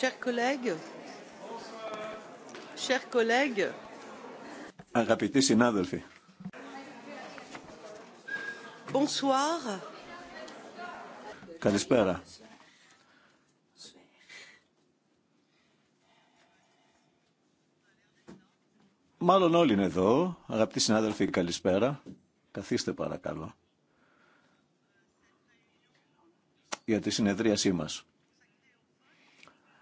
Chers Αγαπητοί συνάδελφοι. Καλησπέρα. Μάλλον όλοι είναι εδώ. Αγαπητοί συνάδελφοι, καλησπέρα. Καθίστε παρακαλώ. Για τη συνεδρίασή μας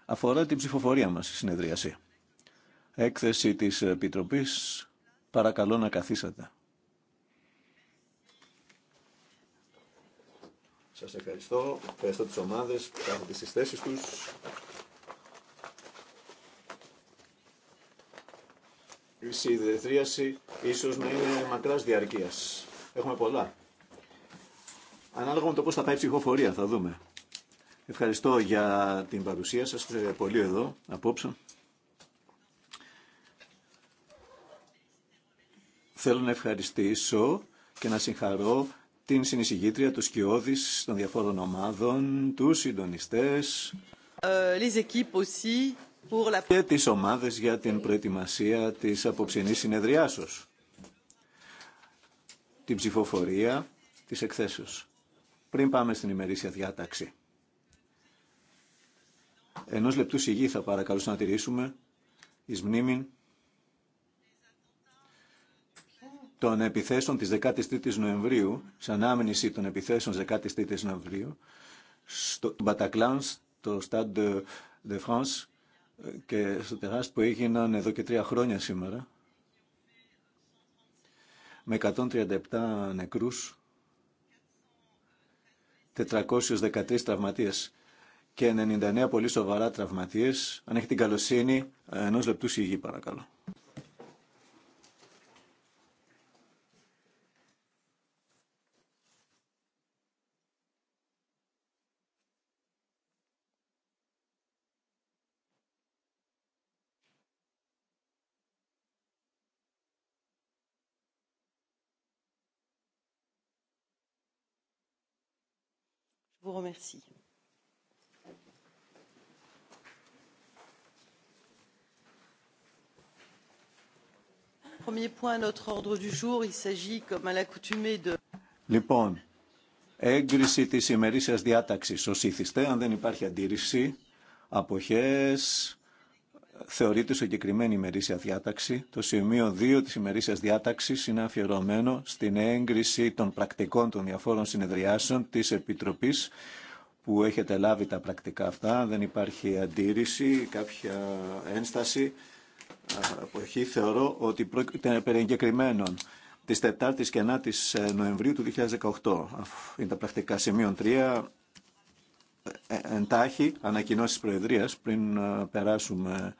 αφορά την ψηφοφορία μας, στη συνεδρίαση. Έκθεση της Επιτροπής. Παρακαλώ να καθίσατε. Σας ευχαριστώ. Ευχαριστώ τις ομάδες που κάνουν τις θέσεις τους. Η συνεδρίαση ίσως να είναι μακράς διαρκείας. Έχουμε πολλά. Ανάλογα με το πώς θα πάει η ψηφοφορία θα δούμε. Ευχαριστώ για την παρουσία σας, πολύ εδώ απόψε. Θέλω να ευχαριστήσω και να συγχαρώ την συνεισηγήτρια, του σκιώδης των διαφόρων ομάδων, τους συντονιστές ε, και τις ομάδες για την προετοιμασία της απόψινής συνεδριάσεως, την ψηφοφορία της εκθέσεως. Πριν πάμε στην ημερήσια διάταξη. Ενός λεπτού σιγή θα παρακαλούσα να τηρήσουμε εις μνήμη των επιθέσεων της 13ης Νοεμβρίου, σαν άμνηση των επιθέσεων της 13ης Νοεμβρίου, στο Μπατακλάν, στο Stade de France και στο τεράστιο που έγιναν εδώ και τρία χρόνια σήμερα, με 137 νεκρούς, 413 τραυματίες και 99 πολύ σοβαρά τραυματίες. Αν έχει την καλοσύνη, ε, ενός λεπτού σιγή παρακαλώ. Je vous remercie. Λοιπόν, έγκριση τη ημερήσια διάταξη ω ήθιστε, αν δεν υπάρχει αντίρρηση, αποχέ θεωρείται συγκεκριμένη ημερήσια διάταξη. Το σημείο 2 τη ημερήσια διάταξη είναι αφιερωμένο στην έγκριση των πρακτικών των διαφόρων συνεδριάσεων τη επίτροπή που έχετε λάβει τα πρακτικά αυτά. Δεν υπάρχει αντίρρηση, κάποια ένσταση εποχή θεωρώ ότι πρόκειται περί εγκεκριμένων τη 4η και 9 ε, Νοεμβρίου του 2018. Είναι τα πρακτικά σημείων 3. Ε, ε, εντάχει, ανακοινώσει Προεδρία πριν περάσουμε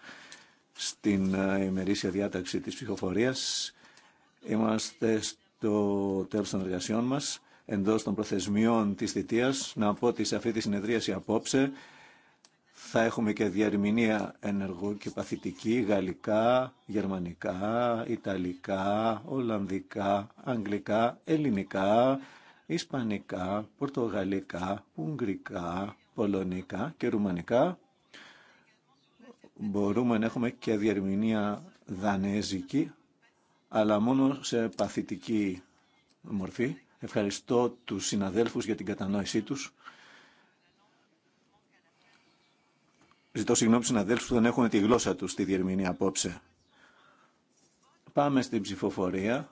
στην ημερήσια διάταξη της ψηφοφορία. Είμαστε στο τέλος των εργασιών μας, εντός των προθεσμιών της θητείας. Να πω ότι σε αυτή τη συνεδρίαση απόψε θα έχουμε και διαρμηνία ενεργό και παθητική, γαλλικά, γερμανικά, ιταλικά, ολλανδικά, αγγλικά, ελληνικά, ισπανικά, πορτογαλικά, ουγγρικά, πολωνικά και ρουμανικά. Μπορούμε να έχουμε και διαρμηνία δανέζικη, αλλά μόνο σε παθητική μορφή. Ευχαριστώ τους συναδέλφους για την κατανόησή τους. Ζητώ συγγνώμη στους συναδέλφους που δεν έχουν τη γλώσσα τους στη διερμηνή απόψε. Πάμε στην ψηφοφορία.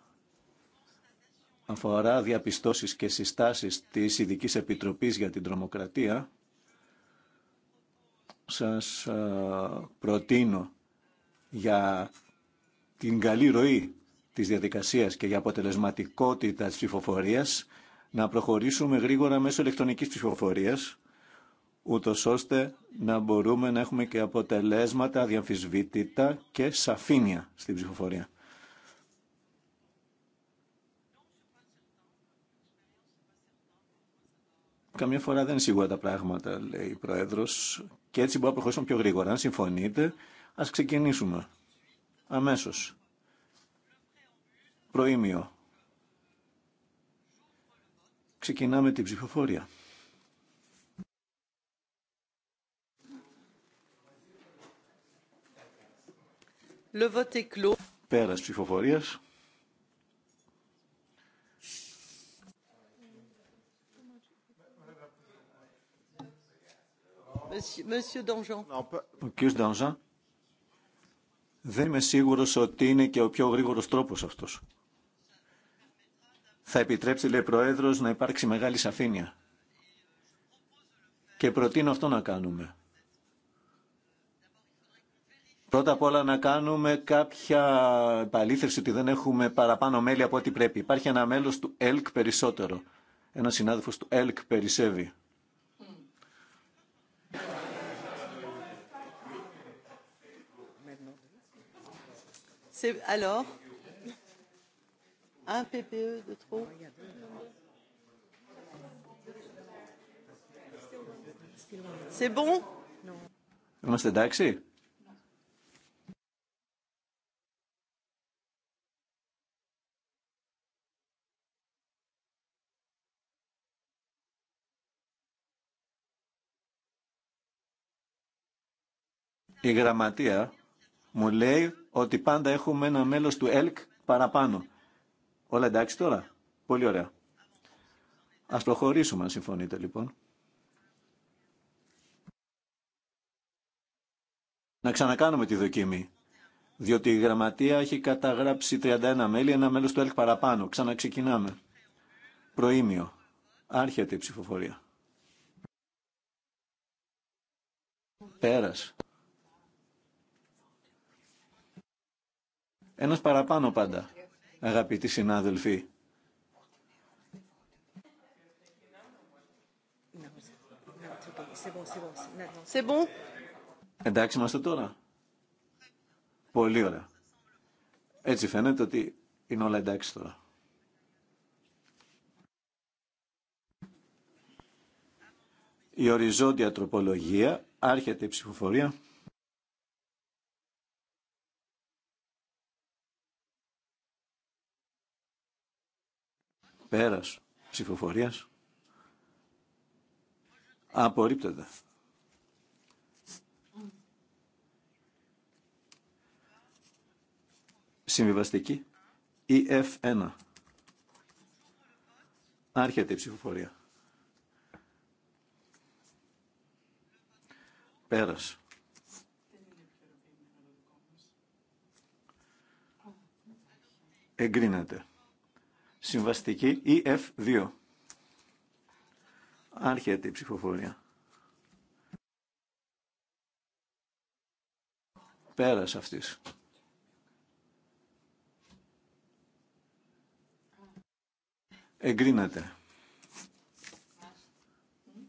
Αφορά διαπιστώσεις και συστάσεις της ειδική Επιτροπής για την Τρομοκρατία. Σας προτείνω για την καλή ροή της διαδικασίας και για αποτελεσματικότητα της ψηφοφορίας να προχωρήσουμε γρήγορα μέσω ηλεκτρονικής ψηφοφορίας ούτως ώστε να μπορούμε να έχουμε και αποτελέσματα αδιαμφισβήτητα και σαφήνεια στην ψηφοφορία. Καμιά φορά δεν είναι σίγουρα τα πράγματα, λέει η Πρόεδρος, και έτσι μπορούμε να προχωρήσουμε πιο γρήγορα. Αν συμφωνείτε, ας ξεκινήσουμε. Αμέσως. Προήμιο. Ξεκινάμε την ψηφοφορία. Le vote Πέρας ψηφοφορίας. Ο κ. Ντανζάν, δεν είμαι σίγουρος ότι είναι και ο πιο γρήγορος τρόπος αυτός. Θα επιτρέψει, λέει Προέδρος, να υπάρξει μεγάλη σαφήνεια. Και προτείνω αυτό να κάνουμε. Πρώτα απ' όλα να κάνουμε κάποια επαλήθευση ότι δεν έχουμε παραπάνω μέλη από ό,τι πρέπει. Υπάρχει ένα μέλος του ΕΛΚ περισσότερο. Ένα συνάδελφος του ΕΛΚ περισσεύει. Alors, un PPE de trop. C'est bon Είμαστε εντάξει. Η γραμματεία μου λέει ότι πάντα έχουμε ένα μέλος του ΕΛΚ παραπάνω. Όλα εντάξει τώρα. Πολύ ωραία. Ας προχωρήσουμε αν συμφωνείτε λοιπόν. Να ξανακάνουμε τη δοκίμη. Διότι η γραμματεία έχει καταγράψει 31 μέλη, ένα μέλος του ΕΛΚ παραπάνω. Ξαναξεκινάμε. Προήμιο. Άρχεται η ψηφοφορία. Πέρας. Ένας παραπάνω πάντα, αγαπητοί συνάδελφοι. Εντάξει είμαστε τώρα. Πολύ ωραία. Έτσι φαίνεται ότι είναι όλα εντάξει τώρα. Η οριζόντια τροπολογία άρχεται η ψηφοφορία. Πέρας ψηφοφορίας. Απορρίπτεται. ΕΕΦ EF1. Άρχεται η ψηφοφορία. Πέρας. Εγκρίνεται. Συμβαστική EF2. Άρχεται η ψηφοφορία. Πέρας αυτής. Εγκρίνεται. 2.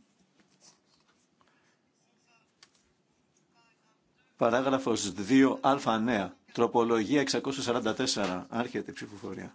Παράγραφος 2α νέα. Τροπολογία 644. Άρχεται η ψηφοφορια περας αυτης εγκρινεται παραγραφος 2 α νεα τροπολογια 644 αρχεται η ψηφοφορια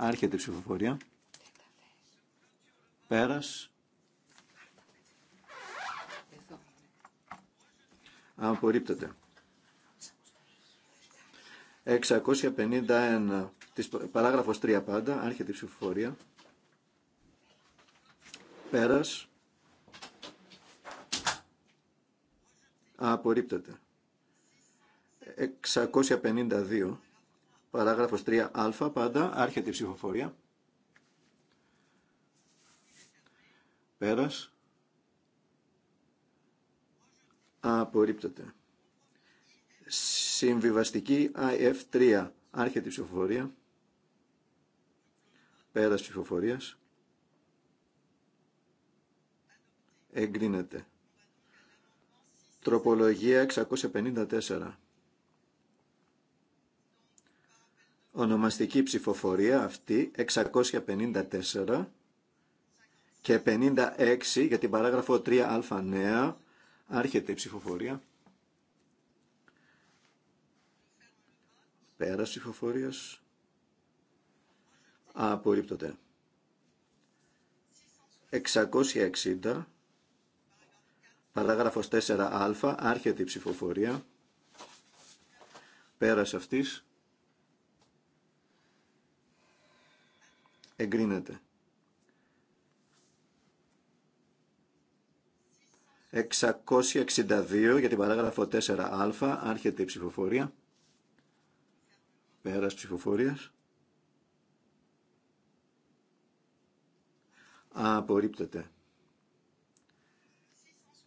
Άρχεται η ψηφοφορία. Πέρας. Απορρίπτεται. 651 της παράγραφος 3 πάντα, άρχεται η ψηφοφορία. Πέρας. Απορρίπτεται. 652 Παράγραφος 3α πάντα, άρχεται η ψηφοφορία. Πέρας. Απορρίπτεται. Συμβιβαστική IF3, άρχεται η ψηφοφορία. Πέρας ψηφοφορίας. Εγκρίνεται. Τροπολογία 654. Ονομαστική ψηφοφορία αυτή 654 και 56 για την παράγραφο 3α νέα. Άρχεται η ψηφοφορία. Πέρας ψηφοφορίας. Απορρίπτονται. 660 παράγραφος 4α άρχεται η ψηφοφορία. Πέρας αυτής εγκρίνεται. 662 για την παράγραφο 4α άρχεται η ψηφοφορία. Πέρας ψηφοφορίας. Απορρίπτεται.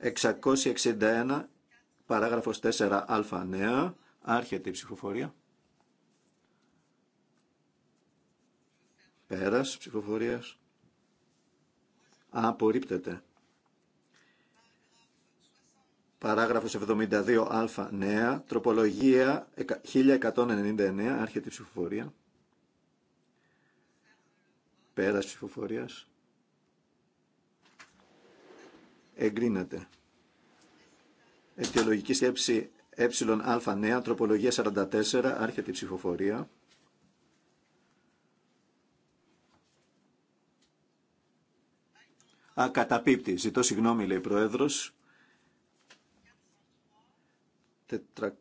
661 παράγραφος 4α νέα άρχεται η ψηφοφορία. Πέρας ψηφοφορίας. Απορρίπτεται. Παράγραφος 72α νέα, τροπολογία 1199, άρχεται η ψηφοφορία. Πέρας ψηφοφορίας. Εγκρίνεται. Αιτιολογική σκέψη εα νέα, τροπολογία 44, άρχεται η ψηφοφορία. καταπίπτει. Ζητώ συγγνώμη, λέει Πρόεδρος. Τετρα.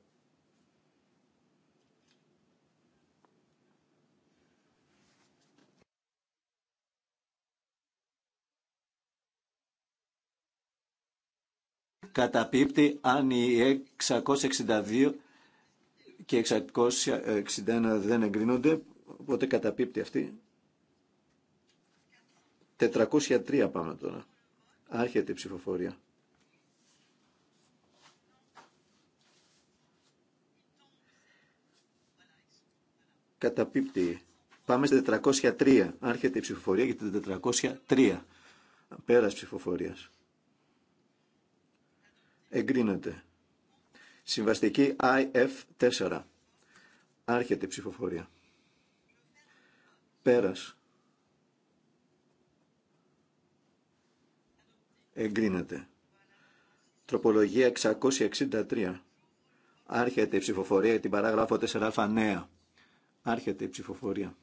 Καταπίπτει αν οι 662 και 661 δεν εγκρίνονται, οπότε καταπίπτει αυτή. 403 πάμε τώρα. Άρχεται η ψηφοφορία. Καταπίπτει. Πάμε στα 403. Άρχεται η ψηφοφορία για την 403. Πέρας ψηφοφορίας. Εγκρίνεται. Συμβαστική IF4. Άρχεται η ψηφοφορία. Πέρας. εγκρίνεται. Τροπολογία 663. Άρχεται η ψηφοφορία για την παράγραφο 4α νέα. Άρχεται η ψηφοφορία.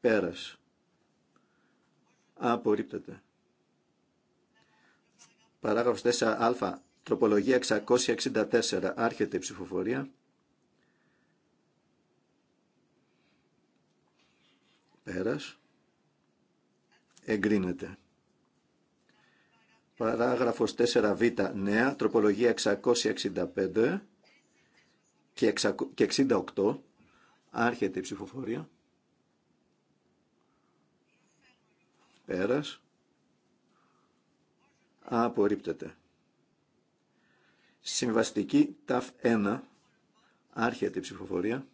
Πέρας. Απορρίπτεται. Παράγραφος 4α. Τροπολογία 664. Άρχεται η ψηφοφορία. Πέρας εγκρίνεται. Παράγραφος 4β νέα, τροπολογία 665 και 68, άρχεται η ψηφοφορία. Πέρας. Απορρίπτεται. Συμβαστική ΤΑΦ 1, άρχεται η ψηφοφορία.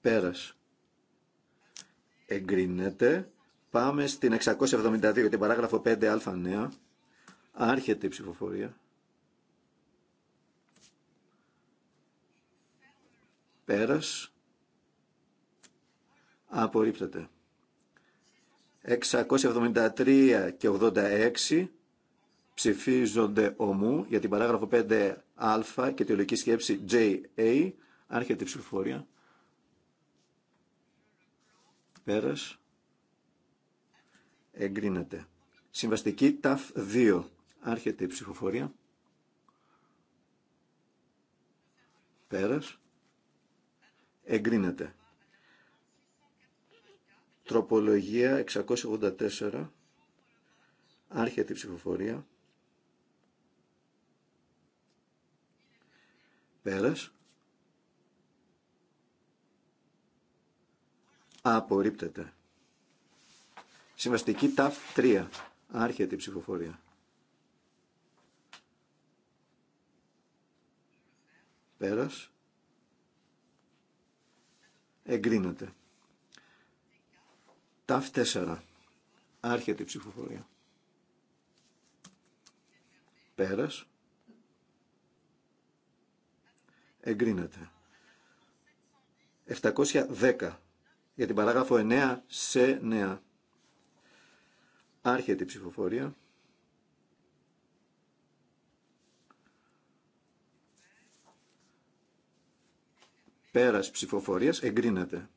Πέρας εγκρίνεται. Πάμε στην 672, την παράγραφο 5α νέα. Άρχεται η ψηφοφορία. Πέρας. Απορρίπτεται. 673 και 86 ψηφίζονται ομού για την παράγραφο 5α και τη ολική σκέψη JA. Άρχεται η ψηφοφορία. Πέρας. Εγκρίνεται. Συμβαστική ΤΑΦ 2. Άρχεται η ψηφοφορία. Πέρας. Εγκρίνεται. Τροπολογία 684. Άρχεται η ψηφοφορία. Πέρας. Απορρίπτεται. Συμβαστική ΤΑΦ 3. Άρχεται η ψηφοφορία. Πέρας. Εγκρίνεται. ΤΑΦ 4. Άρχεται η ψηφοφορία. Πέρας. Εγκρίνεται. 710 για την παράγραφο 9 σε 9. Άρχεται η ψηφοφορία. Πέρας ψηφοφορίας εγκρίνεται.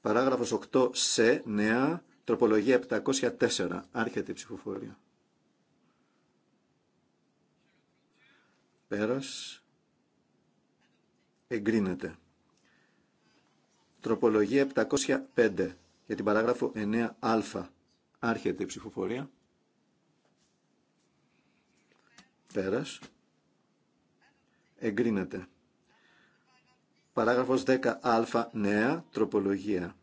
Παράγραφος 8 σε 9, τροπολογία 704. Άρχεται η ψηφοφορία. Πέρας εγκρίνεται. Τροπολογία 705 για την παράγραφο 9α. Άρχεται η ψηφοφορία. Πέρας. Εγκρίνεται. Παράγραφος 10α νέα τροπολογία.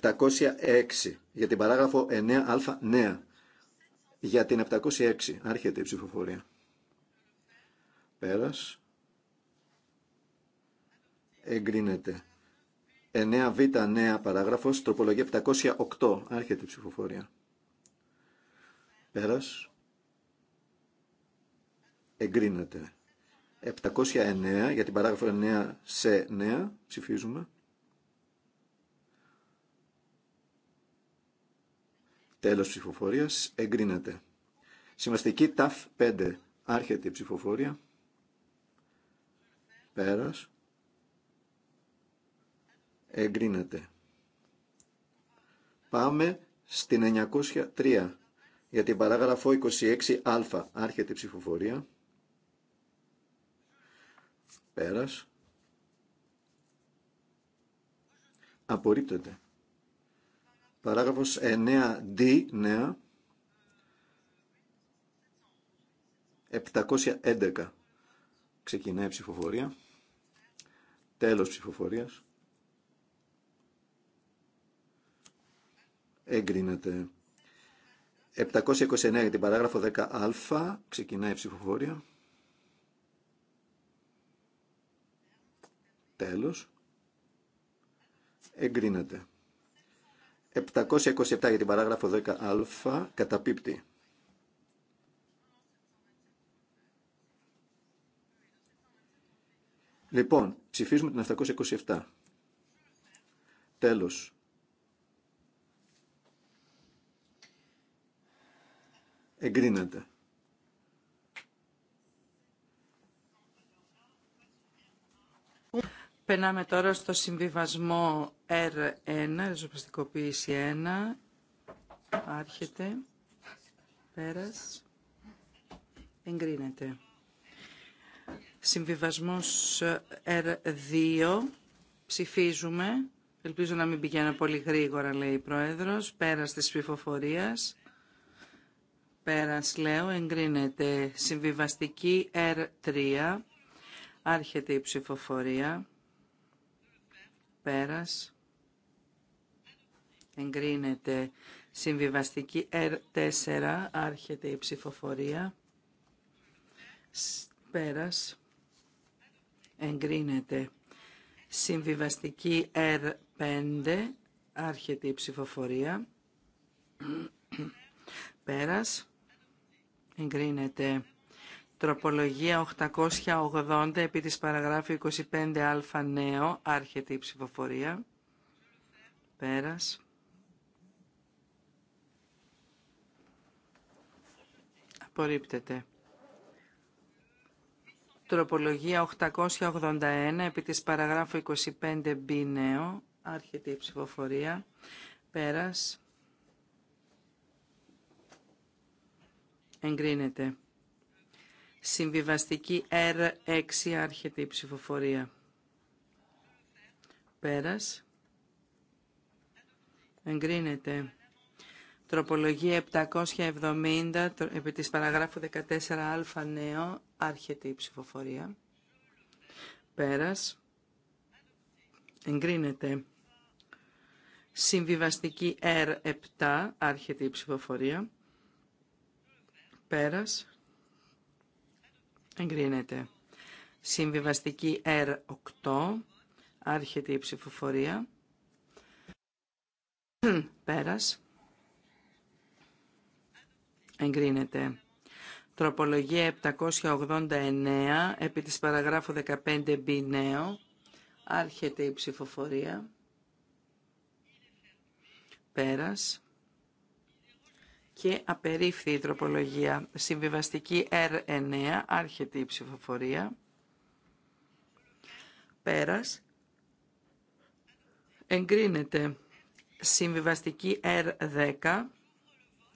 706 για την παράγραφο 9α νέα. Για την 706 άρχεται η ψηφοφορία. Πέρας εγκρίνεται. 9β νέα παράγραφος, τροπολογία 708, άρχεται η ψηφοφορία. Πέρας. Εγκρίνεται. 709, για την παράγραφο 9 σε 9, ψηφίζουμε. Τέλος ψηφοφορίας, εγκρίνεται. Σημαστική ΤΑΦ 5, άρχεται η ψηφοφορία. Πέρας εγκρίνεται. Πάμε στην 903 για την παράγραφο 26α. Άρχεται η ψηφοφορία. Πέρας. Απορρίπτεται. Παράγραφος 9D, νέα. 711. Ξεκινάει η ψηφοφορία. Τέλος ψηφοφορίας. Εγκρίνεται. 729 για την παράγραφο 10α. Ξεκινάει η ψηφοφορία. Τέλος. Εγκρίνεται. 727 για την παράγραφο 10α. Καταπίπτει. Λοιπόν, ψηφίζουμε την 727. Τέλος. εγκρίνεται. Περνάμε τώρα στο συμβιβασμό R1, ριζοπαστικοποίηση 1, άρχεται, πέρας, εγκρίνεται. Συμβιβασμός R2, ψηφίζουμε, ελπίζω να μην πηγαίνω πολύ γρήγορα λέει η Πρόεδρος, πέρας της ψηφοφορίας, Πέρας λέω εγκρίνεται συμβιβαστική R3. Άρχεται η ψηφοφορία. Πέρας. Εγκρίνεται συμβιβαστική R4. Άρχεται η ψηφοφορία. Πέρας. Εγκρίνεται συμβιβαστική R5. Άρχεται η ψηφοφορία. Πέρας. Εγκρίνεται. Τροπολογία 880 επί της παραγράφου 25α νέο. Άρχεται η ψηφοφορία. Πέρας. Απορρίπτεται. Τροπολογία 881 επί της παραγράφου 25b νέο. Άρχεται η ψηφοφορία. Πέρας. Εγκρίνεται. Συμβιβαστική R6 άρχεται η ψηφοφορία. Πέρας. Εγκρίνεται. Τροπολογία 770 επί της παραγράφου 14α νέο άρχεται η ψηφοφορία. Πέρας. Εγκρίνεται. Συμβιβαστική R7 άρχεται η ψηφοφορία. Πέρας. Εγκρίνεται. Συμβιβαστική R8. Άρχεται η ψηφοφορία. Πέρας. Εγκρίνεται. Τροπολογία 789 επί της παραγράφου 15b νέο. Άρχεται η ψηφοφορία. Πέρας και απερίφθη η τροπολογία. Συμβιβαστική R9, άρχεται η ψηφοφορία. Πέρας. Εγκρίνεται. Συμβιβαστική R10,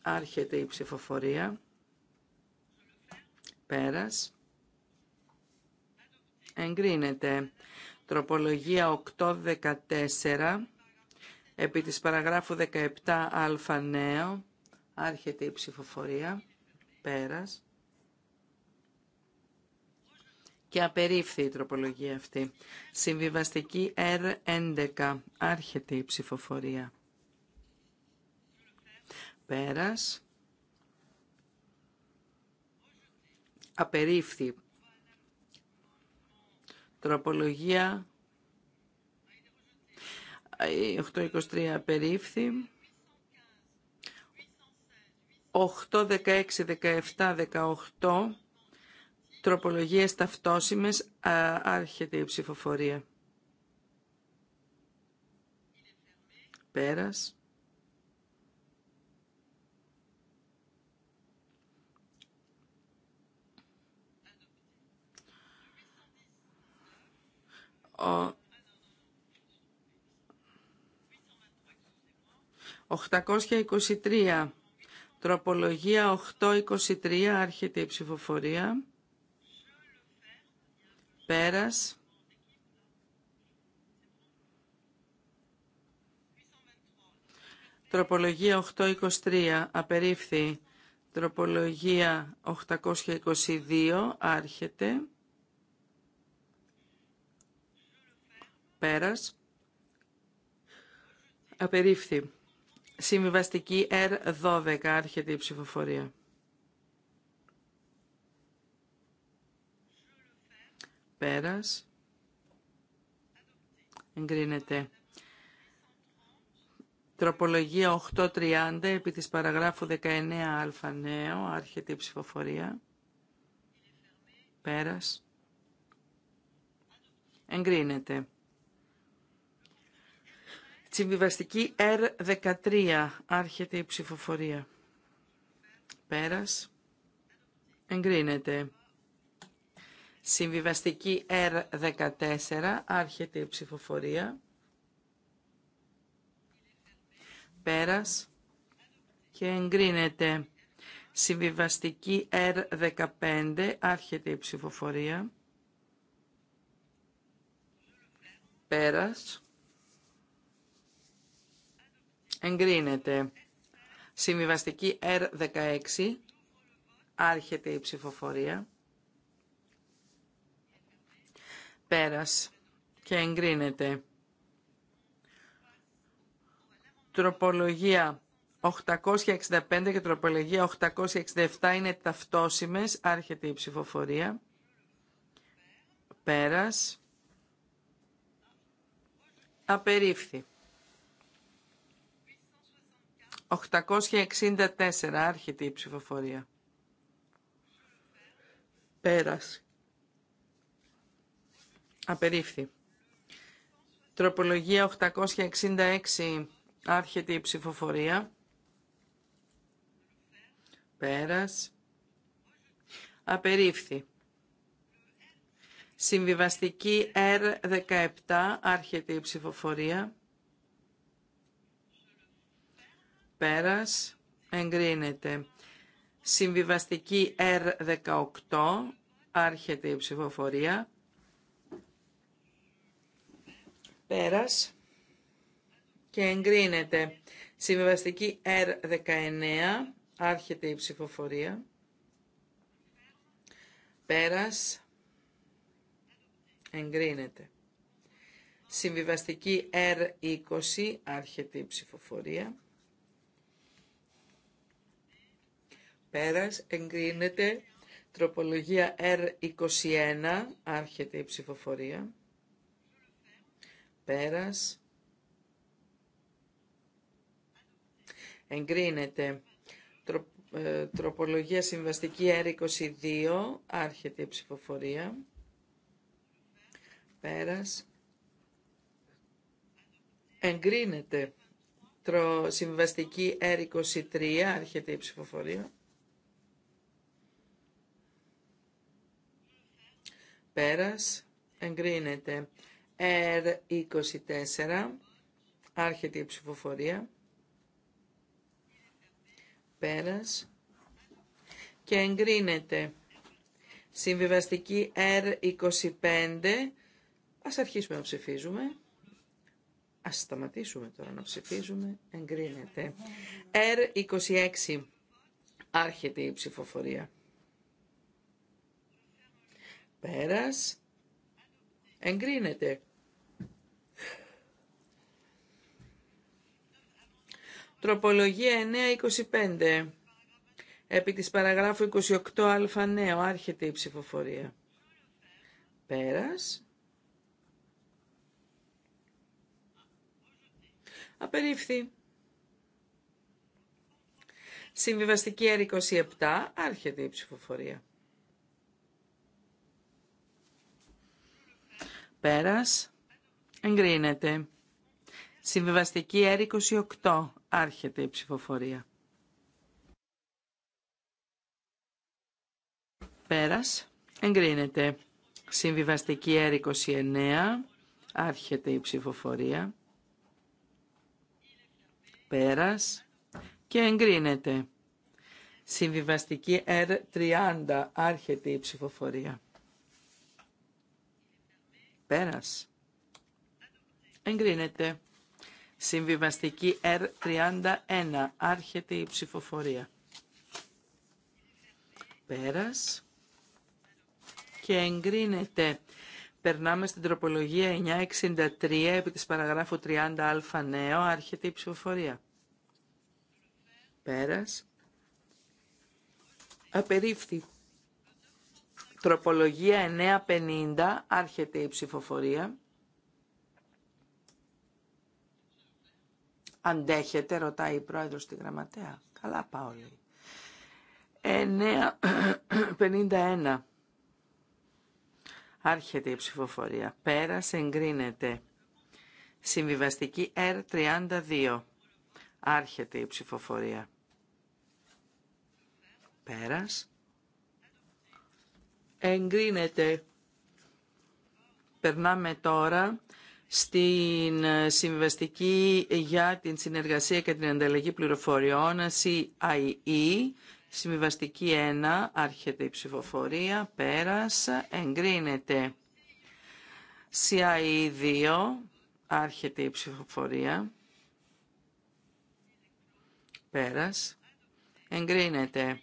άρχεται η ψηφοφορία. Πέρας. Εγκρίνεται. Τροπολογία 814, επί της παραγράφου 17α νέο, Άρχεται η ψηφοφορία. Πέρας. Και απερίφθη η τροπολογία αυτή. Συμβιβαστική R11. Άρχεται η ψηφοφορία. Πέρας. Απερίφθη. Τροπολογία 823 ε, απερίφθη. 8, 16, 17, 18 τροπολογίες ταυτόσιμες άρχεται η ψηφοφορία. Πέρας. Ο... 823 Τροπολογία 823, άρχεται η ψηφοφορία. Πέρας. Τροπολογία 823, απερίφθη. Τροπολογία 822, άρχεται. Πέρας. Απερίφθη. Συμβιβαστική R12, άρχεται η ψηφοφορία. Πέρας. Εγκρίνεται. Τροπολογία 830 επί της παραγράφου 19α νέο, άρχεται η ψηφοφορία. Πέρας. Εγκρίνεται. Συμβιβαστική R13. Άρχεται η ψηφοφορία. Πέρας. Εγκρίνεται. Συμβιβαστική R14. Άρχεται η ψηφοφορία. Πέρας. Και εγκρίνεται. Συμβιβαστική R15. Άρχεται η ψηφοφορία. Πέρας Εγκρίνεται. Συμβιβαστική R16. Άρχεται η ψηφοφορία. Πέρας. Και εγκρίνεται. Τροπολογία 865 και τροπολογία 867 είναι ταυτόσιμες. Άρχεται η ψηφοφορία. Πέρας. Απερίφθη. 864 άρχεται η ψηφοφορία. Πέρας. Απερίφθη. Τροπολογία 866 άρχεται η ψηφοφορία. Πέρας. Απερίφθη. Συμβιβαστική R17 άρχεται η ψηφοφορία. πέρας εγκρίνεται. Συμβιβαστική R18, άρχεται η ψηφοφορία. Πέρας και εγκρίνεται. Συμβιβαστική R19, άρχεται η ψηφοφορία. Πέρας εγκρίνεται. Συμβιβαστική R20, άρχεται η ψηφοφορία. Πέρας εγκρίνεται τροπολογία R21, άρχεται η ψηφοφορία. Πέρας. Εγκρίνεται ε, τροπολογία συμβαστική R22, άρχεται η ψηφοφορία. Πέρας. Εγκρίνεται Τρο, συμβαστική R23, άρχεται η ψηφοφορία. Πέρας. Εγκρίνεται. R24. Άρχεται η ψηφοφορία. Πέρας. Και εγκρίνεται. Συμβιβαστική R25. Ας αρχίσουμε να ψηφίζουμε. Ας σταματήσουμε τώρα να ψηφίζουμε. Εγκρίνεται. R26. Άρχεται η ψηφοφορία. Πέρας. Εγκρίνεται. Τροπολογία 925. Επί της παραγράφου 28α νέο ναι, άρχεται η ψηφοφορία. Πέρας. Απερίφθη. Συμβιβαστική R27 άρχεται η ψηφοφορία. Πέρας. Εγκρίνεται. Συμβιβαστική R28. Άρχεται η ψηφοφορία. Πέρας. Εγκρίνεται. Συμβιβαστική R29. Άρχεται η ψηφοφορία. Πέρας. Και εγκρίνεται. Συμβιβαστική R30. Άρχεται η ψηφοφορία. Πέρας. Εγκρίνεται. Συμβιβαστική R31. Άρχεται η ψηφοφορία. Πέρας. Και εγκρίνεται. Περνάμε στην τροπολογία 963 επί της παραγράφου 30α νέο. Άρχεται η ψηφοφορία. Πέρας. Απερίφθη. Τροπολογία 950, άρχεται η ψηφοφορία. Αντέχετε, ρωτάει η πρόεδρος στη γραμματέα. Καλά πάω, λέει. 951. Άρχεται η ψηφοφορία. Πέρας εγκρίνεται. Συμβιβαστική R32. Άρχεται η ψηφοφορία. Πέρας εγκρίνεται. Περνάμε τώρα στην συμβαστική για την συνεργασία και την ανταλλαγή πληροφοριών, CIE, συμβαστική 1, άρχεται η ψηφοφορία, πέρας, εγκρίνεται. CIE 2, άρχεται η ψηφοφορία, πέρας, εγκρίνεται.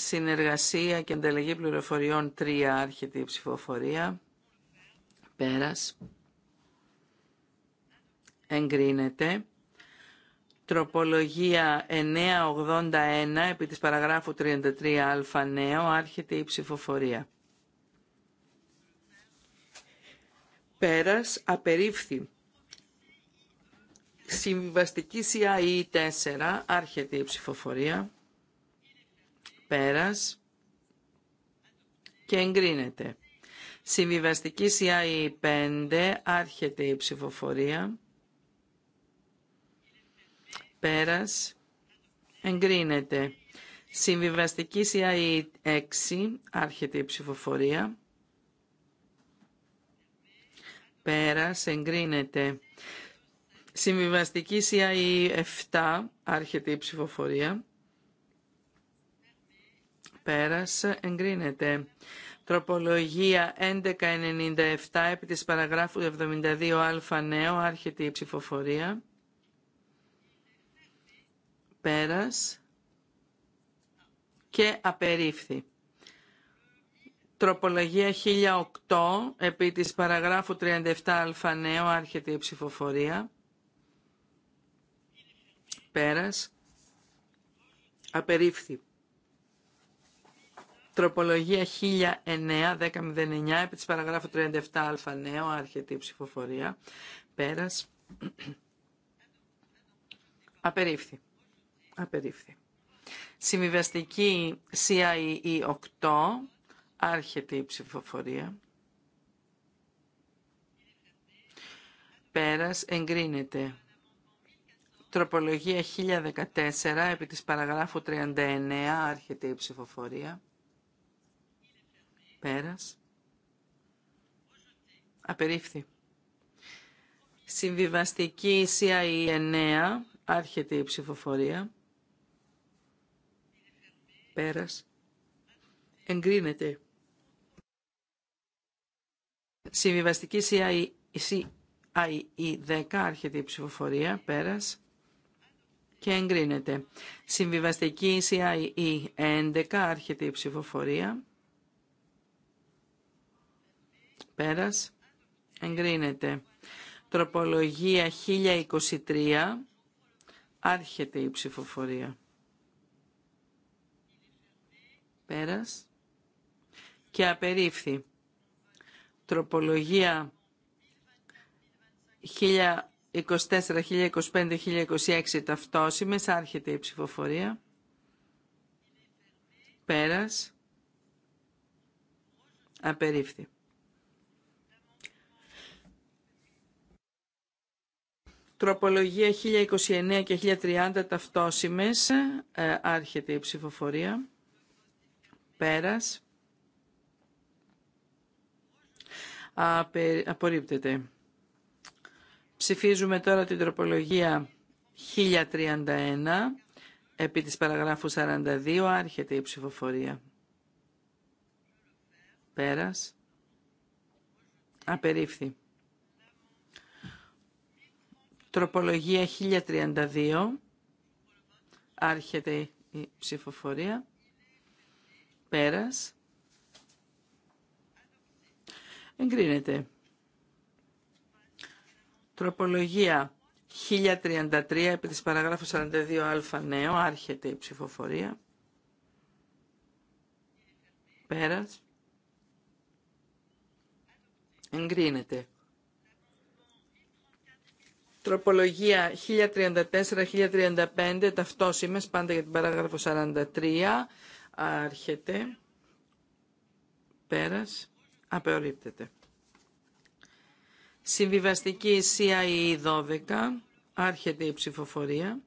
Συνεργασία και ανταλλαγή πληροφοριών 3 άρχεται η ψηφοφορία. Πέρας. Εγκρίνεται. Τροπολογία 981 επί της παραγράφου 33α νέο άρχεται η ψηφοφορία. Πέρας απερίφθη. Συμβαστική CIE 4 άρχεται η ψηφοφορία πέρας και εγκρίνεται. CIE CI5 άρχεται η ψηφοφορία. Πέρας εγκρίνεται. CIE CI6 άρχεται η ψηφοφορία. Πέρας εγκρίνεται. CIE CI7 άρχεται η ψηφοφορία πέρας εγκρίνεται. Τροπολογία 1197 επί της παραγράφου 72α νέο άρχεται η ψηφοφορία. Πέρας και απερίφθη. Τροπολογία 1008 επί της παραγράφου 37α νέο άρχεται η ψηφοφορία. Πέρας απερίφθη. Τροπολογία 1009-1009 επί της παραγράφου 37α νέο άρχεται η ψηφοφορία. Πέρας. Απερίφθη. Απερίφθη. Συμβιβαστική CIE 8 άρχεται η ψηφοφορία. Πέρας εγκρίνεται. Τροπολογία 1014 επί της παραγράφου 39 άρχεται η ψηφοφορία. Πέρας. Απερίφθη. Συμβιβαστική CIE 9. Άρχεται η ψηφοφορία. Πέρας. Εγκρίνεται. Συμβιβαστική CIE, CIE 10. Άρχεται η ψηφοφορία. Πέρας και εγκρίνεται. Συμβιβαστική CIE 11, άρχεται η ψηφοφορία. Πέρας. Εγκρίνεται. Τροπολογία 1023. Άρχεται η ψηφοφορία. Πέρας. Και απερίφθη. Τροπολογία 1024, 1025, 1026 ταυτόσημες. Άρχεται η ψηφοφορία. Πέρας. Απερίφθη. Τροπολογία 1029 και 1030 ταυτόσημες. Ε, άρχεται η ψηφοφορία. Πέρας. Απορρίπτεται. Ψηφίζουμε τώρα την τροπολογία 1031 επί της παραγράφου 42. Άρχεται η ψηφοφορία. Πέρας. Απερίφθη. Τροπολογία 1032. Άρχεται η ψηφοφορία. Πέρας. Εγκρίνεται. Τροπολογία 1033 επί της παραγράφου 42α νέο. Άρχεται η ψηφοφορία. Πέρας. Εγκρίνεται. Τροπολογία 1034-1035, ταυτόσημες, πάντα για την παράγραφο 43, άρχεται, πέρας, απεορρίπτεται. Συμβιβαστική CIE 12, άρχεται η ψηφοφορία,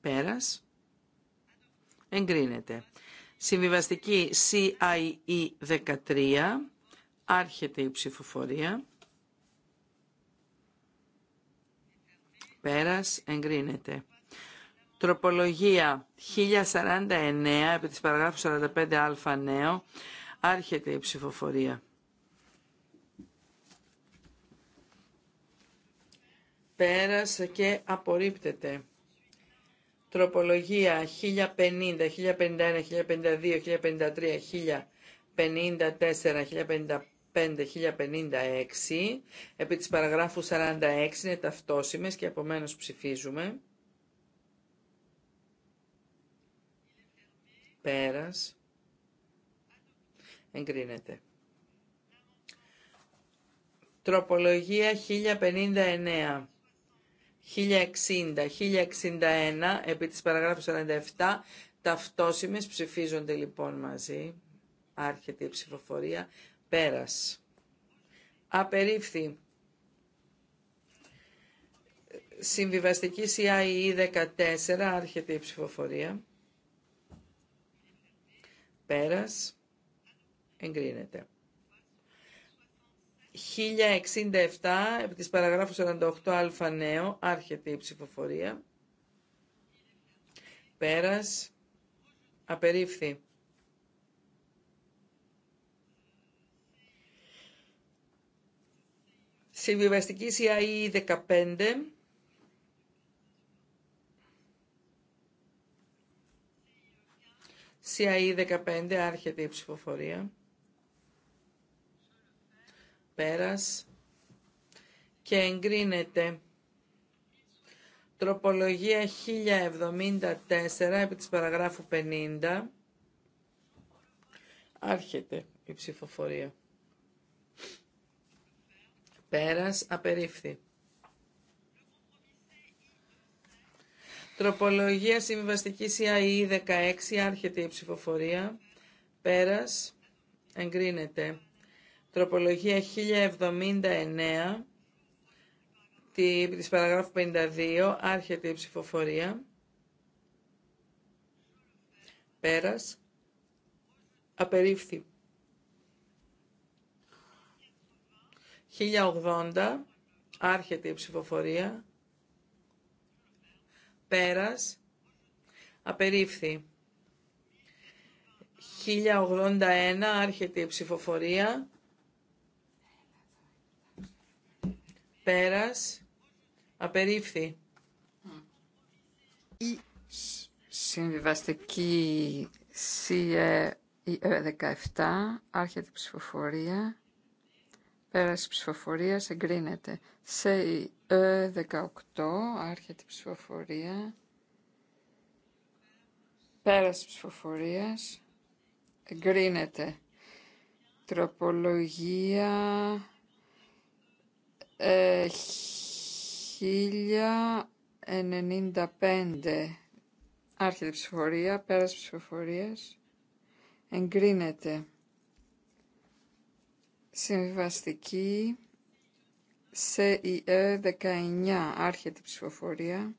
πέρας, εγκρίνεται. Συμβιβαστική CIE 13, άρχεται η ψηφοφορία, Πέρας εγκρίνεται. Τροπολογία 1049 επί της παραγράφου 45α νέο. Άρχεται η ψηφοφορία. Πέρας και απορρίπτεται. Τροπολογία 1050, 1051, 1052, 1053, 1054, 1055, 5056. επί της παραγράφου 46 είναι ταυτόσιμες και απομένως ψηφίζουμε. Πέρας. Εγκρίνεται. Τροπολογία 1059. 1060, 1061, επί της παραγράφου 47, ταυτόσιμες ψηφίζονται λοιπόν μαζί, άρχεται η ψηφοφορία, Πέρας. Απερίφθη. Συμβιβαστική CIE 14, άρχεται η ψηφοφορία. Πέρας. Εγκρίνεται. 1067, επί της παραγράφου 48α νέο, άρχεται η ψηφοφορία. Πέρας. Απερίφθη. Συμβιβαστική CIE 15. CIE 15, άρχεται η ψηφοφορία. Πέρας. Και εγκρίνεται. Τροπολογία 1074, επί της παραγράφου 50. Άρχεται η ψηφοφορία. Πέρας απερίφθη. Τροπολογία συμβιβαστική CIE 16 άρχεται η ψηφοφορία. Πέρας εγκρίνεται. Τροπολογία 1079 της παραγράφου 52 άρχεται η ψηφοφορία. Πέρας απερίφθη. 1080, άρχεται η ψηφοφορία, πέρας, απερίφθη. 1081, άρχεται η ψηφοφορία, πέρας, απερίφθη. Η συμβιβαστική ΣΥΕ 17, ε, άρχεται η ψηφοφορία, Πέραση ψηφοφορία εγκρίνεται. Σε 18 ε, άρχεται ψηφοφορία. Πέραση ψηφοφορία εγκρίνεται. Τροπολογία ε, 1095 άρχεται ψηφοφορία. Πέραση ψηφοφορία εγκρίνεται. Συμβαστική σε 19 ε άρχεται η ψηφοφορία.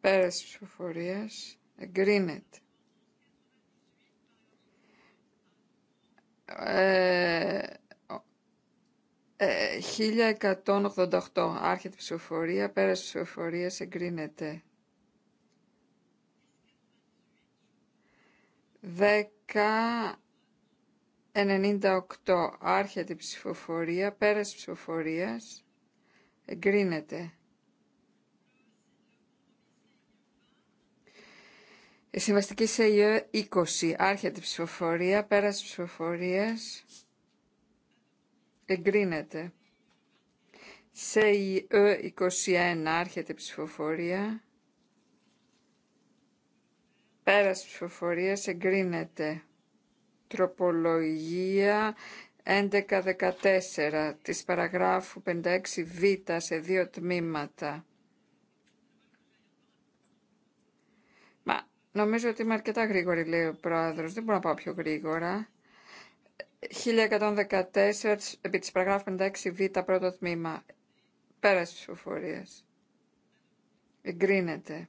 Πέραση ψηφοφορίας. Εγκρίνεται. Ε, 1188 ε, άρχεται ψηφοφορία. Πέραση ψηφοφορίας. Εγκρίνεται. 10 98 άρχεται η ψηφοφορία, πέρας ψηφοφορίας, εγκρίνεται. Η συμβαστική σε 20 άρχεται η ψηφοφορία, πέρας ψηφοφορίας, εγκρίνεται. Σε 21 άρχεται η ψηφοφορία, πέρας ψηφοφορίας, εγκρίνεται τροπολογια 11.14 της παραγράφου 56β σε δύο τμήματα. Μα, νομίζω ότι είμαι αρκετά γρήγορη, λέει ο πρόεδρος. Δεν μπορώ να πάω πιο γρήγορα. 1114 επί της παραγράφου 56β πρώτο τμήμα. Πέραση τις ψηφοφορίας. Εγκρίνεται.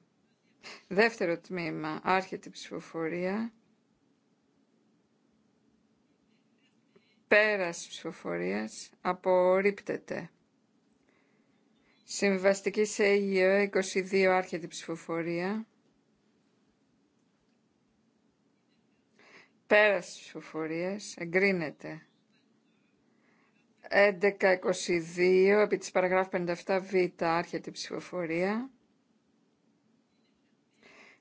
Δεύτερο τμήμα. Άρχεται η ψηφοφορία. Πέρας ψηφοφορίας απορρίπτεται. Συμβαστική σε ΙΕ 22 άρχεται η ψηφοφορία. Πέρας ψηφοφορίας εγκρίνεται. 11.22 επί της παραγράφου 57 β άρχεται η ψηφοφορία.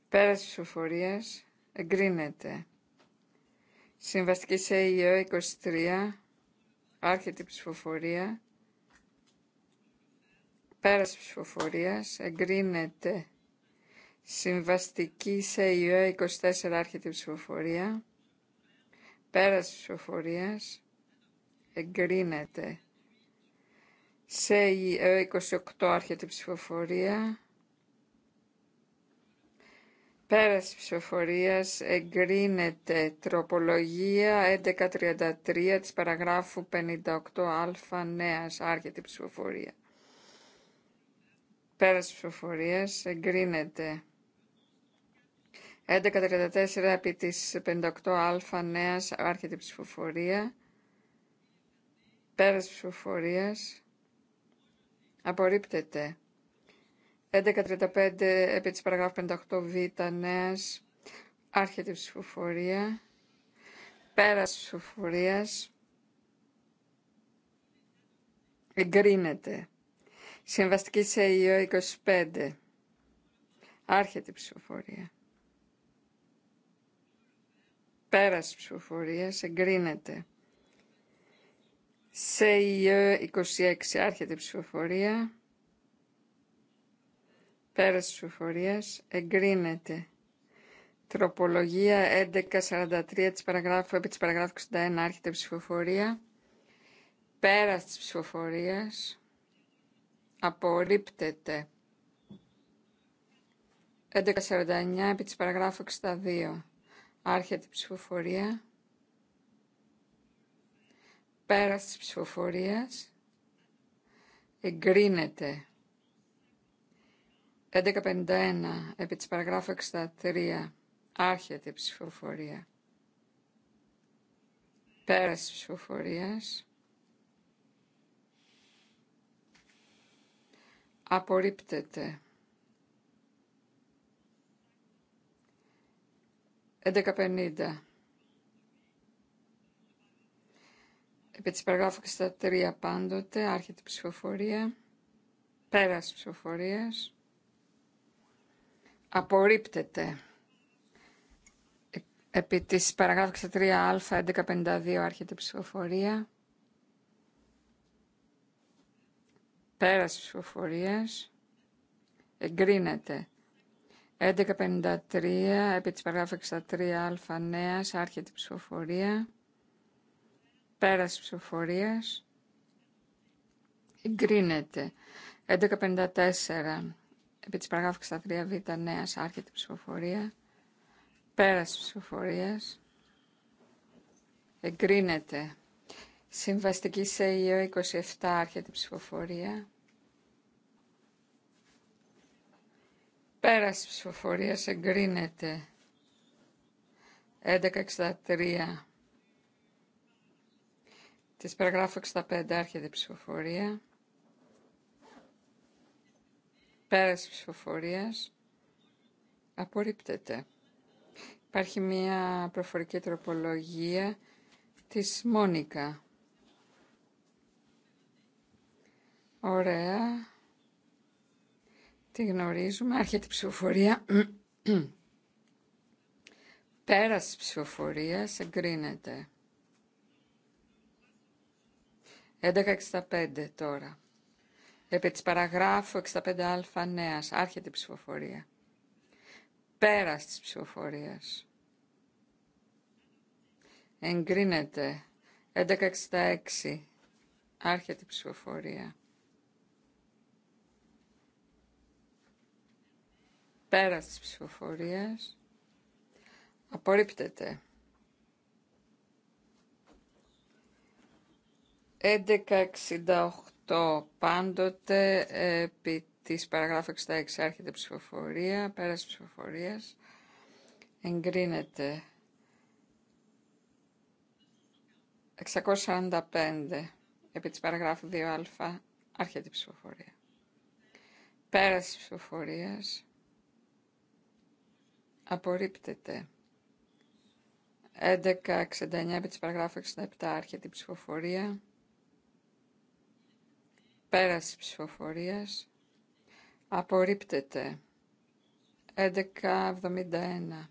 Πέρας ψηφοφορίας εγκρίνεται. Συμβαστική σε 23. Άρχεται η ψηφοφορία. Πέρας ψηφοφορίας. Εγκρίνεται. Συμβαστική σε 24. Άρχεται η ψηφοφορία. ψηφοφορία. ψηφοφορίας. Εγκρίνεται. Σε 28. Άρχεται η ψηφοφορία. Πέρας ψηφοφορίας εγκρίνεται τροπολογία 1133 της παραγράφου 58α νέας άρχεται ψηφοφορία. Πέρας ψηφοφορίας εγκρίνεται 1134 επί της 58α νέας άρχεται ψηφοφορία. Πέρας ψηφοφορίας απορρίπτεται. 11.35 επί της παραγράφου 58β νέας άρχεται η ψηφοφορία πέρας ψηφοφορίας εγκρίνεται συμβαστική σε ΙΟ 25 άρχεται η ψηφοφορία πέρας ψηφοφορίας εγκρίνεται σε ΙΟ 26 άρχεται η ψηφοφορία Πέρας της ψηφοφορία εγκρίνεται. Τροπολογία 1143 της παραγράφου, επί της παραγράφου 61 άρχεται ψηφοφορία. Πέρας της ψηφοφορίας απορρίπτεται. 1149 επί της παραγράφου 62 άρχεται ψηφοφορία. Πέρας της ψηφοφορίας εγκρίνεται. 1151 επί της παραγράφου 63 άρχεται η ψηφοφορία. πέρας της ψηφοφορίας. Απορρίπτεται. 1150. Επί της παραγράφου 63 πάντοτε άρχεται η ψηφοφορία. Πέραση ψηφοφορίας απορρίπτεται. Ε, επί της παραγράφου 3α 1152 άρχεται ψηφοφορία. Πέρας ψηφοφορίας. Εγκρίνεται. 1153 επί της παραγράφου 63α νέας άρχεται ψηφοφορία. Πέρας ψηφοφορίας. Εγκρίνεται. 1154 Επί της παραγράφου 63β νέας ναι, άρχεται ψηφοφορία. Πέρας ψηφοφορίας. Εγκρίνεται. Συμβαστική σε ΙΟ 27 άρχεται ψηφοφορία. Πέρας ψηφοφορίας εγκρίνεται. 1163 της παραγράφου 65 άρχεται ψηφοφορία. Πέρας ψηφοφορίας απορρίπτεται. Υπάρχει μια προφορική τροπολογία της Μόνικα. Ωραία. Τη γνωρίζουμε. Άρχεται η ψηφοφορία. Πέρας ψηφοφορίας εγκρίνεται. 11.65 τώρα επί της παραγράφου 65α νέας. Άρχεται η ψηφοφορία. Πέρας της ψηφοφορίας. Εγκρίνεται. 1166. Άρχεται η ψηφοφορία. Πέρας της ψηφοφορίας. Απορρίπτεται. 1168 το πάντοτε επί της παραγράφου 66 άρχεται ψηφοφορία, πέρας ψηφοφορίας εγκρίνεται 645 επί της παραγράφου 2α άρχεται ψηφοφορία. Πέρας ψηφοφορίας απορρίπτεται 1169 επί της παραγράφου 67 άρχεται ψηφοφορία Πέραση ψηφοφορίας. Απορρίπτεται. 11.71.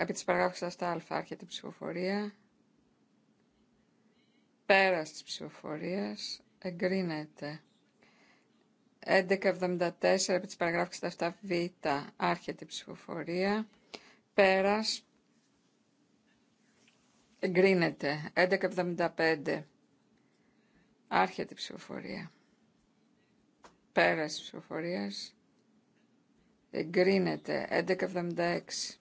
Επί της παραγράφου αλφά άρχεται η ψηφοφορία. Πέρας της ψηφοφορίας. Εγκρίνεται. 11.74 επί της παραγραφου τα 67β άρχεται η ψηφοφορία. Πέρας εγκρίνεται. 11.75 Άρχεται η ψηφοφορία. Πέρας της ψηφοφορίας. Εγκρίνεται. 1176.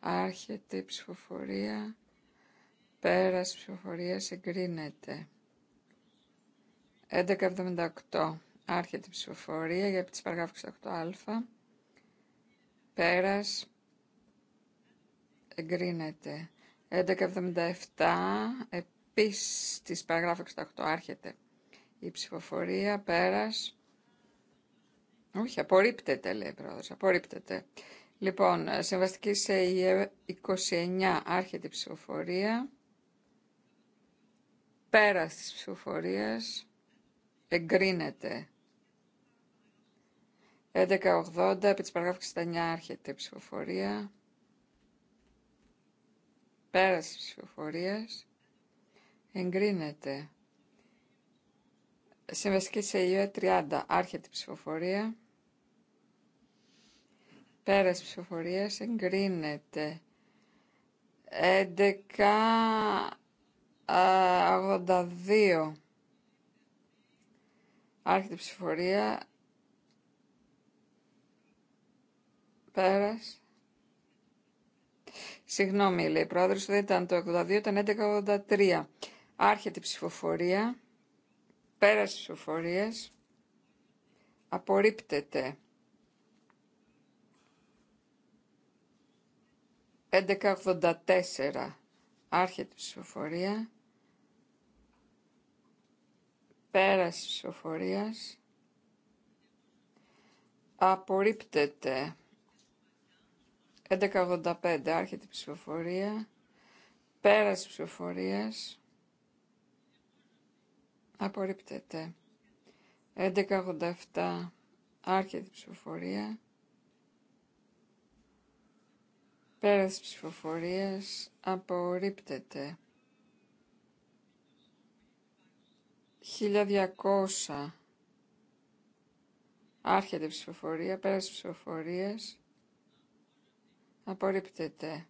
Άρχεται η ψηφοφορία. Πέρας της ψηφοφορίας. Εγκρίνεται. 1178. Άρχεται η ψηφοφορία για τις παραγράφους 8α. Πέρας. Εγκρίνεται. 1177. Επίσης, της παραγράφου 68 άρχεται η ψηφοφορία, πέρας. Όχι, απορρίπτεται λέει πρόεδρος, απορρίπτεται. Λοιπόν, ε, συμβαστική σε 29 ε άρχεται η ψηφοφορία. Πέρας της ψηφοφορίας εγκρίνεται. 11.80, επί της παραγράφου 69 άρχεται η ψηφοφορία. Πέρας της ψηφοφορίας Εγκρίνεται. Συμβασική σε ΙΟΕ 30. Άρχεται η ψηφοφορία. Πέρας ψηφοφορίας εγκρίνεται. 11.82. Άρχεται η ψηφοφορία. Πέρας. Συγγνώμη, λέει η πρόεδρος, δεν ήταν το 82, ήταν 1183. Άρχεται η ψηφοφορία. Πέρας ψηφοφορίας. Απορρίπτεται. 1184. Άρχεται η ψηφοφορία. Πέρας ψηφοφορίας. Απορρίπτεται. 1185. Άρχεται η ψηφοφορία. Πέρας ψηφοφορίας Απορρίπτεται. 1187. Άρχεται η ψηφοφορία. Πέρας ψηφοφορίας απορρίπτεται. 1200. Άρχεται η ψηφοφορία. Πέρας ψηφοφορία απορρίπτεται.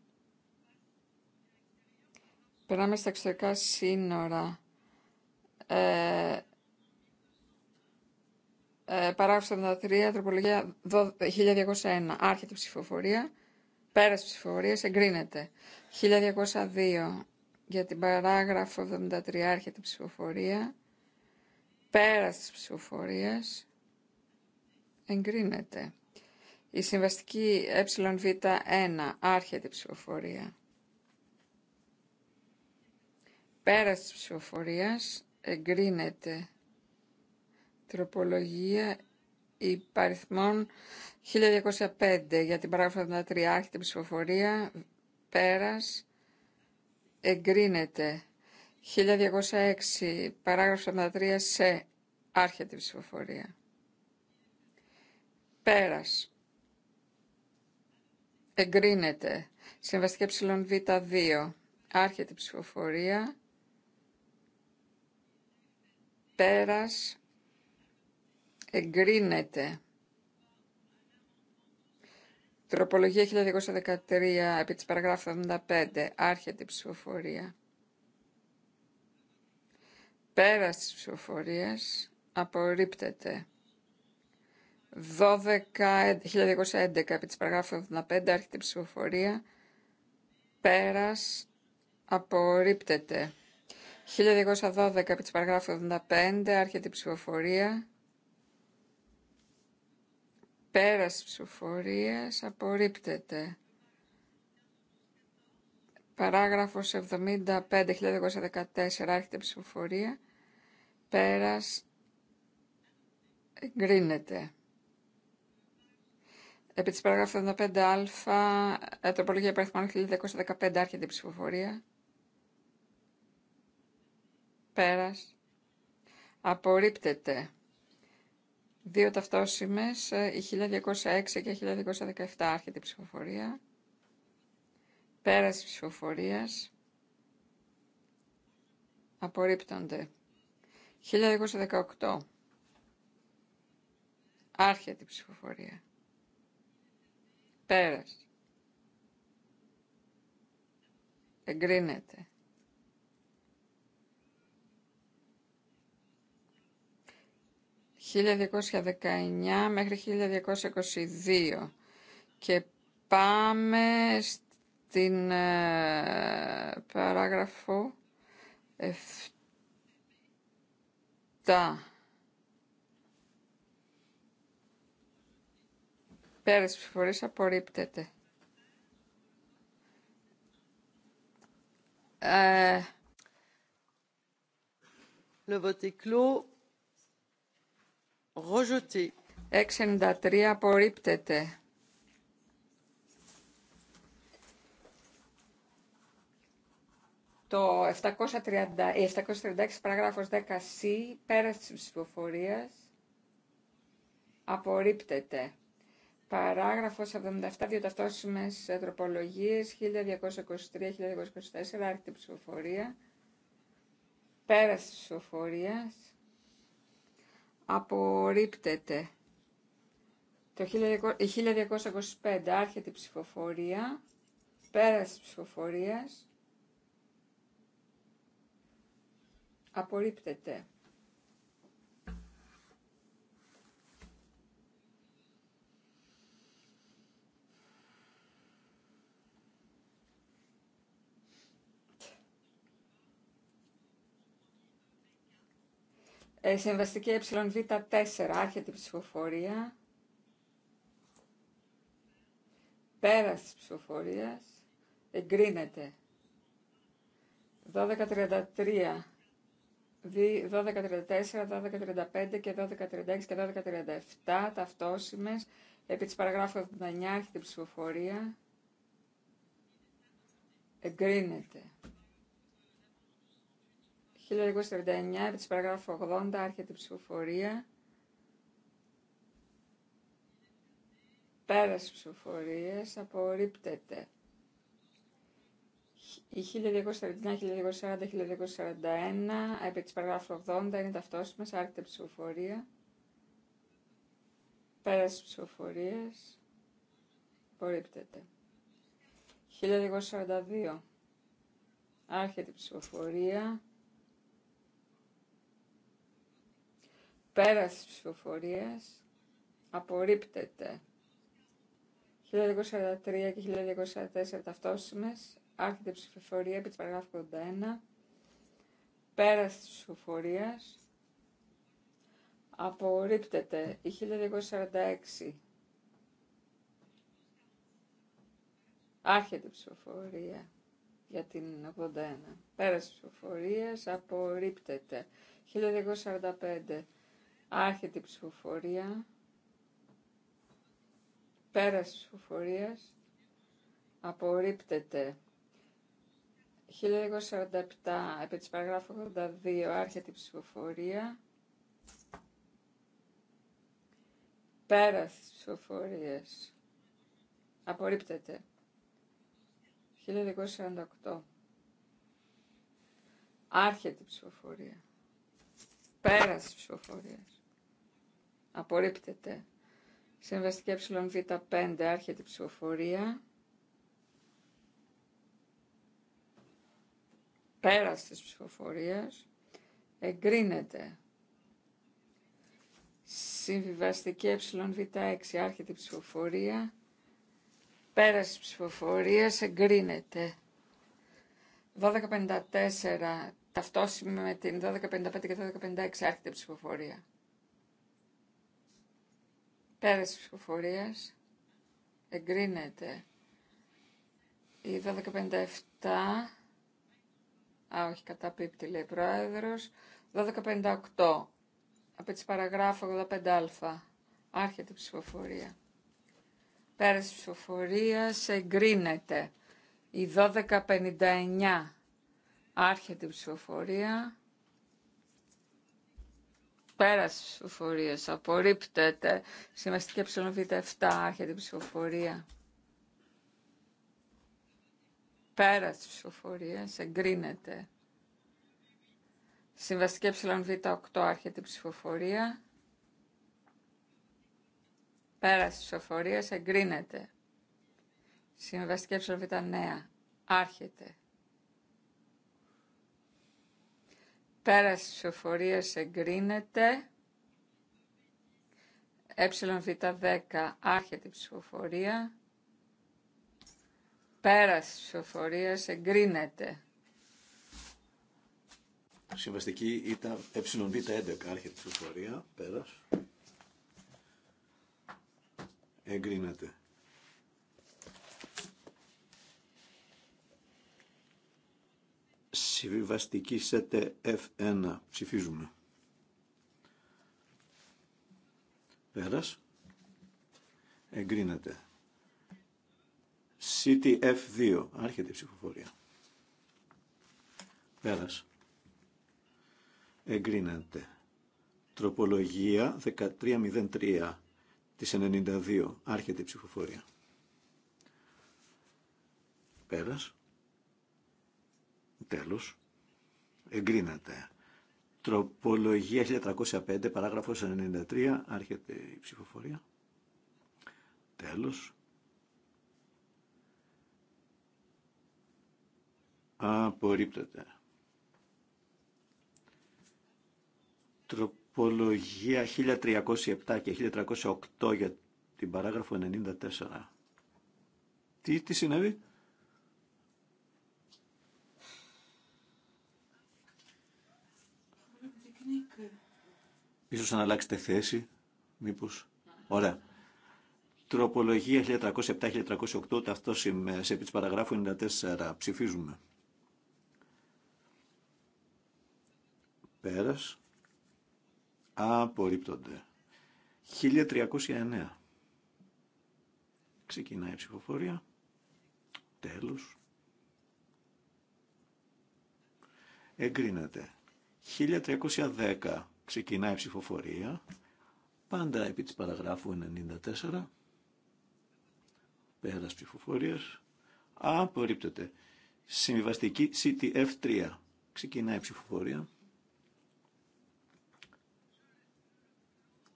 Περάμε στα εξωτερικά σύνορα. Ε, ε, 73, τροπολογία 1201. Άρχεται ψηφοφορία. Πέρας ψηφοφορία, εγκρίνεται. 1202 για την παράγραφο 73 άρχεται ψηφοφορία. Πέρας της ψηφοφορίας εγκρίνεται. Η συμβαστική ΕΒ1 άρχεται ψηφοφορία. Πέρας της ψηφοφορίας εγκρίνεται. Τροπολογία υπαριθμών 1205 για την παράγραφο 73 η ψηφοφορία πέρας εγκρίνεται. 1206 παράγραφα 73 σε άρχεται ψηφοφορία. Πέρας. Εγκρίνεται. Συμβαστική ψηλών Β2. Άρχεται ψηφοφορία πέρας εγκρίνεται. Τροπολογία 1213 επί της παραγράφου 75 άρχεται η ψηφοφορία. Πέρας της ψηφοφορίας απορρίπτεται. 1211 επί της παραγράφου 75 άρχεται η ψηφοφορία. Πέρας απορρίπτεται. 1212 επί της παραγράφου 75 άρχεται η ψηφοφορία πέρας ψηφοφορίας απορρίπτεται παράγραφος 75 1214 άρχεται η ψηφοφορία πέρας εγκρίνεται επί της παραγράφου 75α ε, τροπολογία υπαριθμών 1215 άρχεται η ψηφοφορία Πέρας. Απορρίπτεται. Δύο ταυτόσημες, ε, η 1206 και η 1217 άρχεται η ψηφοφορία. Πέρας ψηφοφορίας. Απορρίπτονται. 1218. Άρχεται η ψηφοφορία. Πέρας. Εγκρίνεται. 1219 μέχρι 1222 και πάμε στην ε, παράγραφο 7. Πέρας ψηφορής απορρίπτεται. Ε, Le vote est clos rejeté. 693 απορρίπτεται. Το 730, 736 παράγραφος 10C πέρας της ψηφοφορίας απορρίπτεται. Παράγραφος 77 δύο ταυτόσιμες τροπολογίες 1223-1224 άρχιτε ψηφοφορία πέρας της ψηφοφορίας απορρίπτεται. Το 1225 άρχεται η ψηφοφορία, πέρας της ψηφοφορίας, απορρίπτεται. Ε, συμβαστική ΕΒ4, άρχεται η ψηφοφορία. Πέρας της ψηφοφορίας εγκρίνεται. 12.33, 12.34, 12.35 και 12.36 και 12.37 ταυτόσιμες. Επί της παραγράφου 79 άρχεται η ψηφοφορία. Εγκρίνεται. 1249, επί της παραγράφου 80, άρχεται η ψηφοφορία. Πέρας ψηφοφορίες, απορρίπτεται. Η 1249, 1240, 1241, επί της παραγράφου 80, είναι ταυτόσιμες, άρχεται η ψηφοφορία. Πέρας ψηφοφορίες, απορρίπτεται. 1242, άρχεται η ψηφοφορία Πέρας της ψηφοφορίας απορρίπτεται. 1243 και 1244 ταυτόσιμες. Άρχεται ψηφοφορία επί της παραγράφου 81. Πέρας ψηφοφορίας απορρίπτεται. Η 1246 Άρχεται ψηφοφορία για την 81. Πέρας ψηφοφορία, απορρίπτεται. 1245 Άρχεται ψυχοφορία, ψηφοφορία. Πέρας ψηφοφορίας. Απορρίπτεται. 1247 επί της παραγράφου 82 άρχεται η ψηφοφορία. Πέρας ψυχοφορίας, ψηφοφορίας. Απορρίπτεται. 1248. Άρχεται η ψηφοφορία. Πέρας ψυχοφορίας απορρίπτεται. Συμβαστική ΕΒ5 άρχεται η ψηφοφορία. Πέρας της ψηφοφορίας εγκρίνεται. Συμβιβαστική ΕΒ6 άρχεται η ψηφοφορία. Πέρας της ψηφοφορίας εγκρίνεται. 1254 ταυτόσιμη με την 1255 και 1256 άρχεται η ψηφοφορία. Πέρας της ψηφοφορίας εγκρίνεται η 1257 α όχι καταπίπτει λέει πρόεδρος 1258 από τις παραγράφου 85α άρχεται η ψηφοφορία πέρας της ψηφοφορίας εγκρίνεται η 1259 άρχεται η ψηφοφορία πέρα τη ψηφοφορία. απορριπτεται Απορρίπτεται. Συμβαστική ε7 άρχεται η ψηφοφορία. Πέρα τη ψηφοφορια εγκρινεται εγκρίνεται. Συμβαστική ε8 άρχεται η ψηφοφορία. Πέρα τη ψηφοφορια εγκρινεται εγκρίνεται. Συμβαστική ε9 άρχεται. Πέρας της ψηφοφορίας εγκρίνεται. ΕΒ10 άρχεται η ψηφοφορία. Πέρας της ψηφοφορίας εγκρίνεται. Συμβαστική ήταν ΕΒ11 άρχεται η ψηφοφορία. Πέρας. Εγκρίνεται. Συμβιβαστική ΣΕΤΕ F1. Ψηφίζουμε. Πέρας. Εγκρίνεται. CTF2. Άρχεται η ψηφοφορία. Πέρας. Εγκρίνεται. Τροπολογία 1303 της 92. Άρχεται η ψηφοφορία. Πέρας. Τέλος. Εγκρίνεται. Τροπολογία 1305, παράγραφος 93, άρχεται η ψηφοφορία. Τέλος. Απορρίπτεται. Τροπολογία 1307 και 1308 για την παράγραφο 94. Τι, τι συνέβη? Ίσως να αλλάξετε θέση, μήπως. Ωραία. Τροπολογία 1307-1308, ταυτόσημε σε επί της παραγράφου 94. Ψηφίζουμε. Πέρας. Απορρίπτονται. 1309. Ξεκινάει η ψηφοφορία. Τέλος. Εγκρίνεται. 1310. Ξεκινάει η ψηφοφορία. Πάντα επί της παραγράφου 94. Πέρας ψηφοφορίας. Απορρίπτεται. Συμβιβαστική CTF3. Ξεκινάει η ψηφοφορία.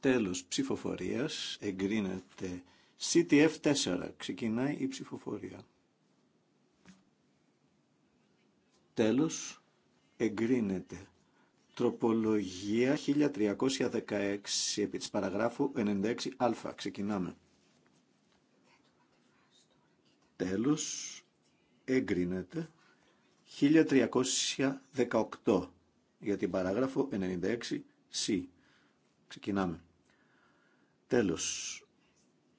Τέλος ψηφοφορίας. Εγκρίνεται CTF4. Ξεκινάει η ψηφοφορία. Τέλος εγκρίνεται Τροπολογία 1316 επί της παραγράφου 96α. Ξεκινάμε. Τέλος. Εγκρίνεται. 1318 για την παράγραφο 96c. Ξεκινάμε. Τέλος.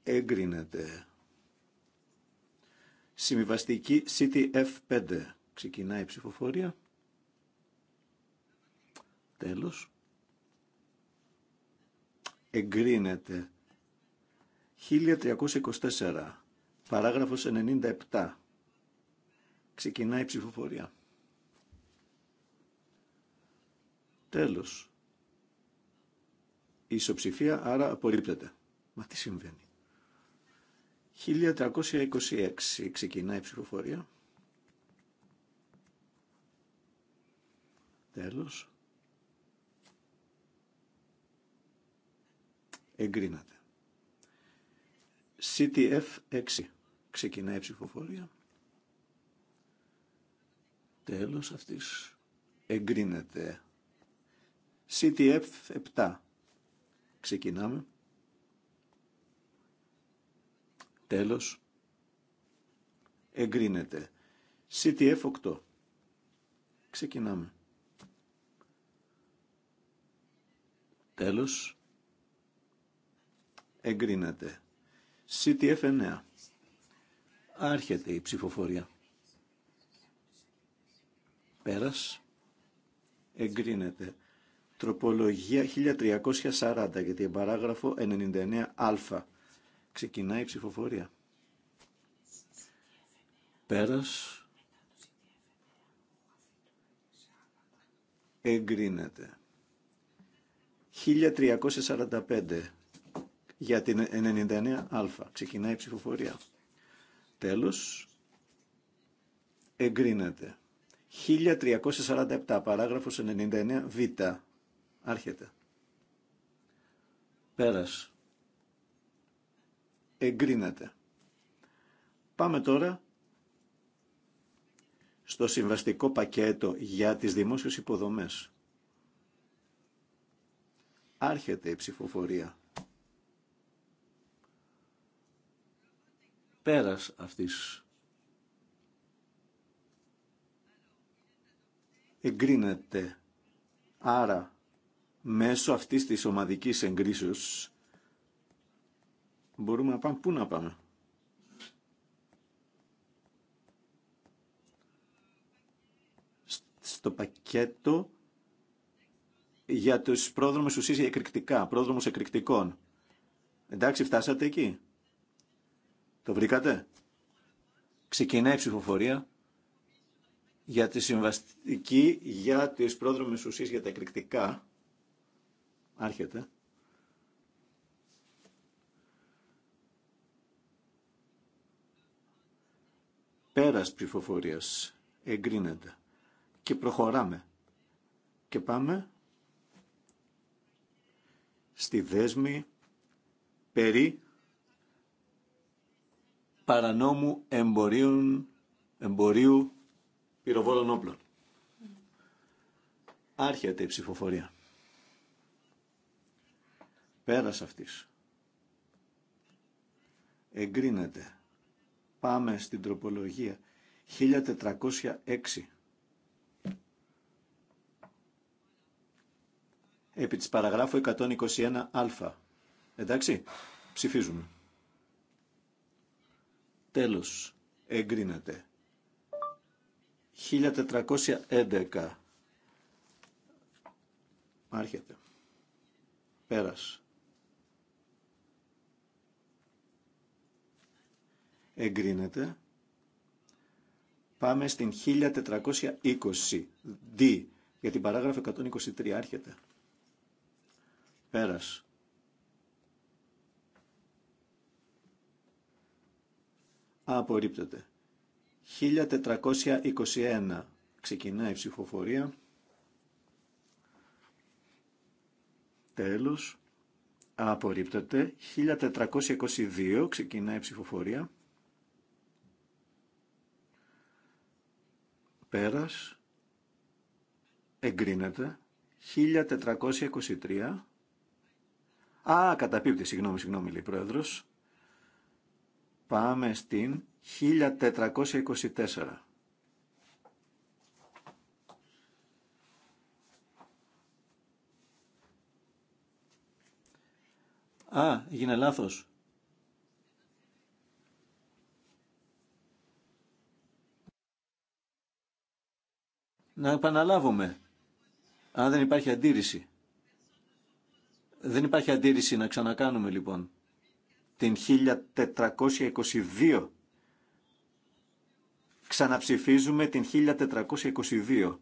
Εγκρίνεται. Συμβιβαστική CTF5. Ξεκινάει η ψηφοφορία. Τέλος. Εγκρίνεται. 1324. Παράγραφος 97. Ξεκινάει η ψηφοφορία. Τέλος. Η ισοψηφία άρα απορρίπτεται. Μα τι συμβαίνει. 1326 ξεκινάει η ψηφοφορία. Τέλος. Εγκρίνατε. CTF 6 ξεκινάει η ψηφοφορία. Τέλος αυτής εγκρίνεται. CTF 7 ξεκινάμε. Τέλος εγκρίνεται. CTF 8 ξεκινάμε. Τέλος εγκρίνεται. CTF 9. Άρχεται η ψηφοφορία. Πέρας. Εγκρίνεται. Τροπολογία 1340 γιατί την παράγραφο 99α. Ξεκινάει η ψηφοφορία. Πέρας. Εγκρίνεται. 1345 για την 99α. Ξεκινάει η ψηφοφορία. Τέλος. Εγκρίνεται. 1347 παράγραφος 99β. Άρχεται. Πέρας. Εγκρίνεται. Πάμε τώρα στο συμβαστικό πακέτο για τις δημόσιες υποδομές. Άρχεται η ψηφοφορία. πέρας αυτής. Εγκρίνεται. Άρα, μέσω αυτής της ομαδικής εγκρίσεως, μπορούμε να πάμε πού να πάμε. Στο πακέτο για τους πρόδρομους ουσίες εκρηκτικά, πρόδρομους εκρηκτικών. Εντάξει, φτάσατε εκεί. Το βρήκατε. Ξεκινάει η ψηφοφορία για τη συμβαστική, για τις πρόδρομες ουσίες, για τα εκρηκτικά. Άρχεται. Πέρας ψηφοφορίας εγκρίνεται και προχωράμε και πάμε στη δέσμη περί παρανόμου εμπορίων, εμπορίου πυροβόλων όπλων. Άρχεται η ψηφοφορία. Πέρας αυτής. Εγκρίνεται. Πάμε στην τροπολογία 1406. Επί της παραγράφου 121α. Εντάξει, ψηφίζουμε. Τέλος. Εγκρίνεται. 1411. Άρχεται. Πέρας. Εγκρίνεται. Πάμε στην 1420. D. Για την παράγραφο 123. Άρχεται. Πέρας. Απορρίπτεται. 1421. Ξεκινάει η ψηφοφορία. Τέλος. Απορρίπτεται. 1422. Ξεκινάει η ψηφοφορία. Πέρας. Εγκρίνεται. 1423. Α, καταπίπτει. Συγγνώμη, συγγνώμη, λέει Πρόεδρος. Πάμε στην 1424. Α, έγινε λάθος. Να επαναλάβουμε, αν δεν υπάρχει αντίρρηση. Δεν υπάρχει αντίρρηση να ξανακάνουμε λοιπόν την 1422. Ξαναψηφίζουμε την 1422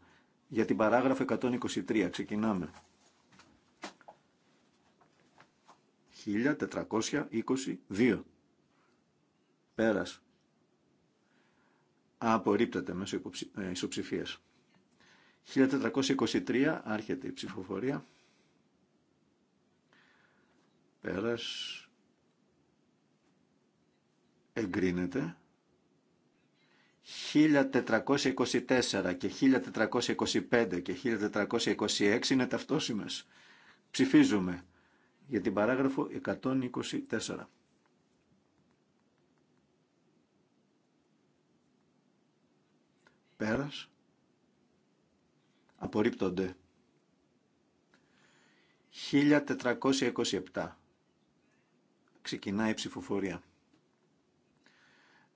για την παράγραφο 123. Ξεκινάμε. 1422. Πέρας. Απορρίπτεται μέσω ε, ισοψηφίας. 1423 άρχεται η ψηφοφορία. Πέρας εγκρίνεται. 1424 και 1425 και 1426 είναι ταυτόσιμες. Ψηφίζουμε για την παράγραφο 124. Πέρας. Απορρίπτονται. 1427. Ξεκινάει η ψηφοφορία.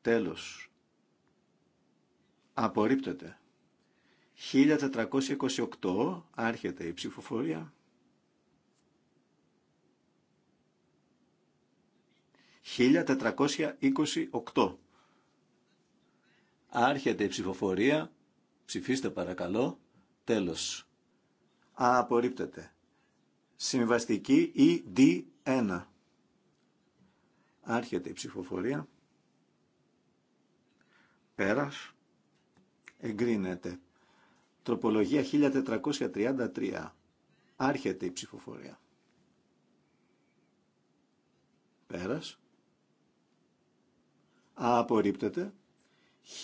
Τέλος. Απορρίπτεται. 1428 άρχεται η ψηφοφορία. 1428 άρχεται η ψηφοφορία. Ψηφίστε παρακαλώ. Τέλος. Απορρίπτεται. Συμβαστική ED1. Άρχεται η ψηφοφορία. Πέρας. Εγκρίνεται. Τροπολογία 1433. Άρχεται η ψηφοφορία. Πέρας. Απορρίπτεται.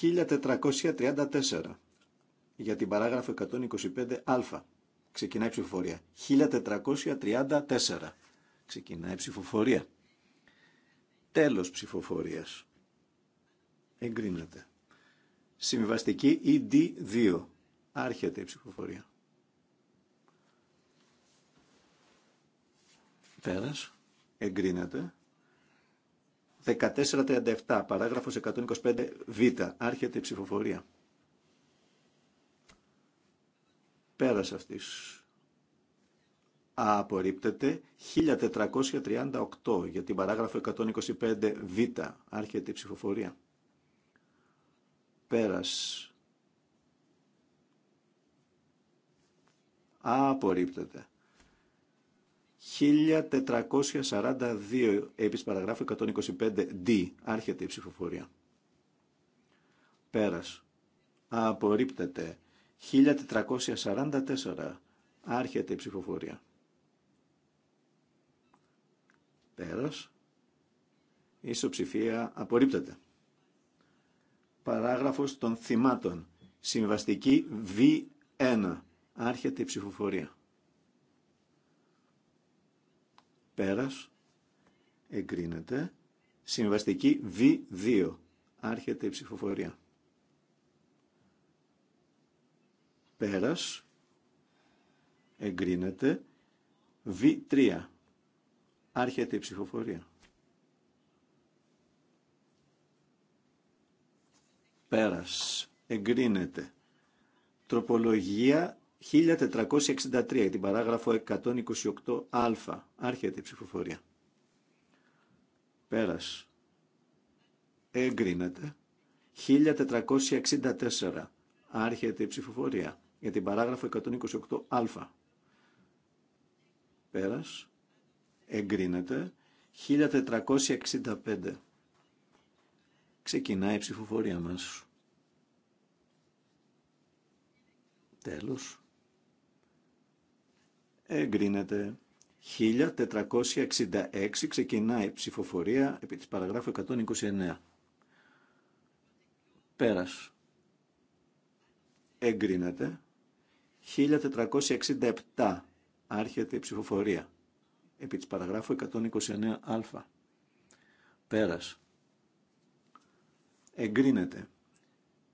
1434. Για την παράγραφο 125α. Ξεκινάει η ψηφοφορία. 1434. Ξεκινάει η ψηφοφορία. Τέλος ψηφοφορίας. Εγκρίνεται. Συμβιβαστική ED2. Άρχεται η ψηφοφορία. Πέρας. Εγκρίνεται. 1437, παράγραφος 125, Β. Άρχεται η ψηφοφορία. Πέρας αυτής. Απορρίπτεται 1438 για την παράγραφο 125 Β. Άρχεται η ψηφοφορία πέρας απορρίπτεται 1442 επί παραγράφου 125D άρχεται η ψηφοφορία πέρας απορρίπτεται 1444 άρχεται η ψηφοφορία πέρας ισοψηφία απορρίπτεται παράγραφος των θυμάτων. Συμβαστική V1. Άρχεται η ψηφοφορία. Πέρας. Εγκρίνεται. Συμβαστική V2. Άρχεται η ψηφοφορία. Πέρας. Εγκρίνεται. V3. Άρχεται η ψηφοφορία. Πέρας. Εγκρίνεται. Τροπολογία 1463, για την παράγραφο 128α. Άρχεται η ψηφοφορία. Πέρας. Εγκρίνεται. 1464. Άρχεται η ψηφοφορία για την παράγραφο 128α. Πέρας. Εγκρίνεται. 1465. Ξεκινάει η ψηφοφορία μας. Τέλος. Εγκρίνεται. 1466 ξεκινάει η ψηφοφορία επί της παραγράφου 129. Πέρας. Εγκρίνεται. 1467 άρχεται η ψηφοφορία επί της παραγράφου 129α. Πέρας. Εγκρίνεται.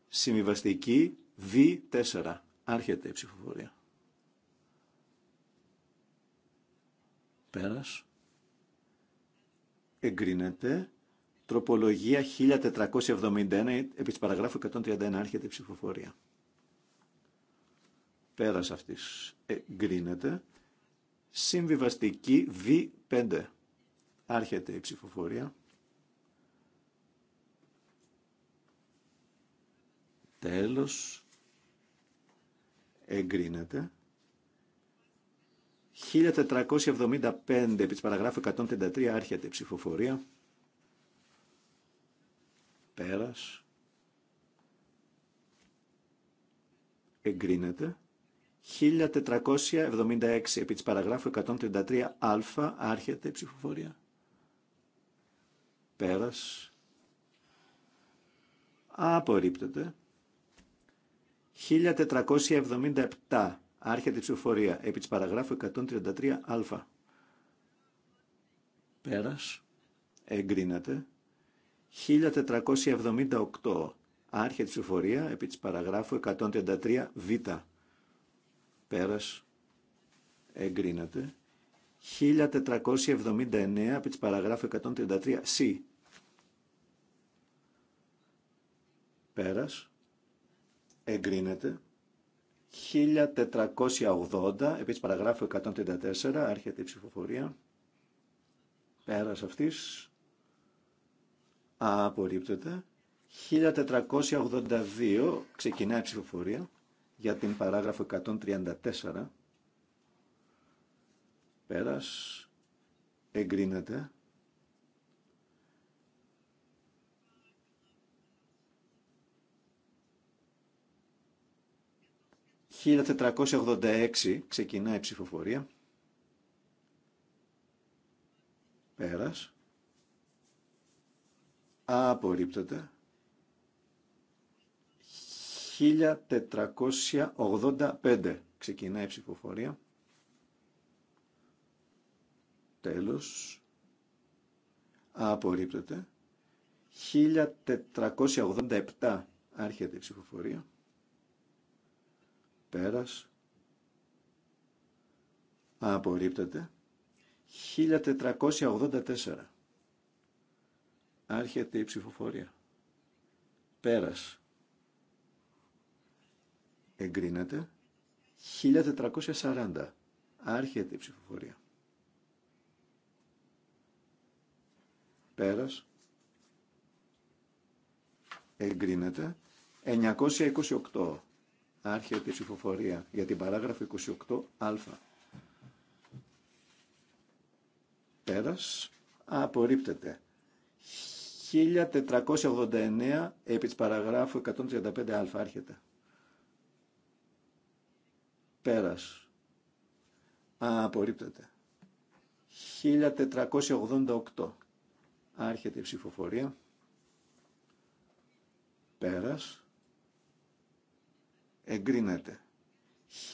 Συμβιβαστική Β4 Άρχεται η ψηφοφορία. Πέρας. Εγκρίνεται. Τροπολογία 1471 επί της παραγράφου 131 άρχεται η ψηφοφορία. Πέρας αυτής εγκρίνεται. Συμβιβαστική V5 άρχεται η ψηφοφορία. Τέλος εγκρίνεται. 1475 επί της παραγράφου 133 άρχεται η ψηφοφορία. Πέρας. Εγκρίνεται. 1476 επί της παραγράφου 133 α άρχεται η ψηφοφορία. Πέρας. Απορρίπτεται. 1477. άρχια της ψηφοφορία. Επί της παραγράφου 133α. Πέρας. Εγκρίνεται. 1478. άρχια της ψηφοφορία. Επί της παραγράφου 133β. Πέρας. Εγκρίνεται. 1479. Επί της παραγράφου 133c. Πέρας εγκρίνεται. 1480, επίσης παραγράφου 134, άρχεται η ψηφοφορία. Πέρας αυτής απορρίπτεται. 1482 ξεκινάει η ψηφοφορία για την παράγραφο 134. Πέρας εγκρίνεται. 1486 ξεκινάει η ψηφοφορία. Πέρας. Απορρίπτεται. 1485 ξεκινάει η ψηφοφορία. Τέλος. Απορρίπτεται. 1487 άρχεται η ψηφοφορία πέρας απορρίπτεται 1484 άρχεται η ψηφοφορία πέρας εγκρίνεται 1440 άρχεται η ψηφοφορία πέρας εγκρίνεται 928 Άρχεται η ψηφοφορία για την παράγραφο 28α. Πέρας. Απορρίπτεται. 1489 επί της παραγράφου 135α άρχεται. Πέρας. Α, περας απορριπτεται 1489 επι της παραγραφου 135 α αρχεται περας απορριπτεται 1488 άρχεται η ψηφοφορία. Πέρας εγκρίνεται.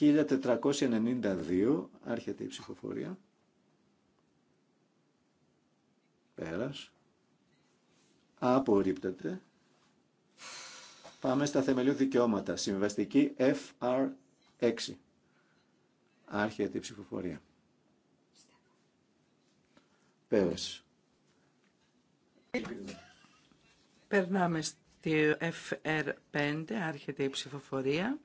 1492 άρχεται η ψηφοφορία. Πέρας. Απορρίπτεται. Πάμε στα θεμελιου δικαιωματα δικαιώματα. Συμβαστική FR6. Άρχεται η ψηφοφορία. Πέρας. Περνάμε στη FR5, άρχεται η ψηφοφορία.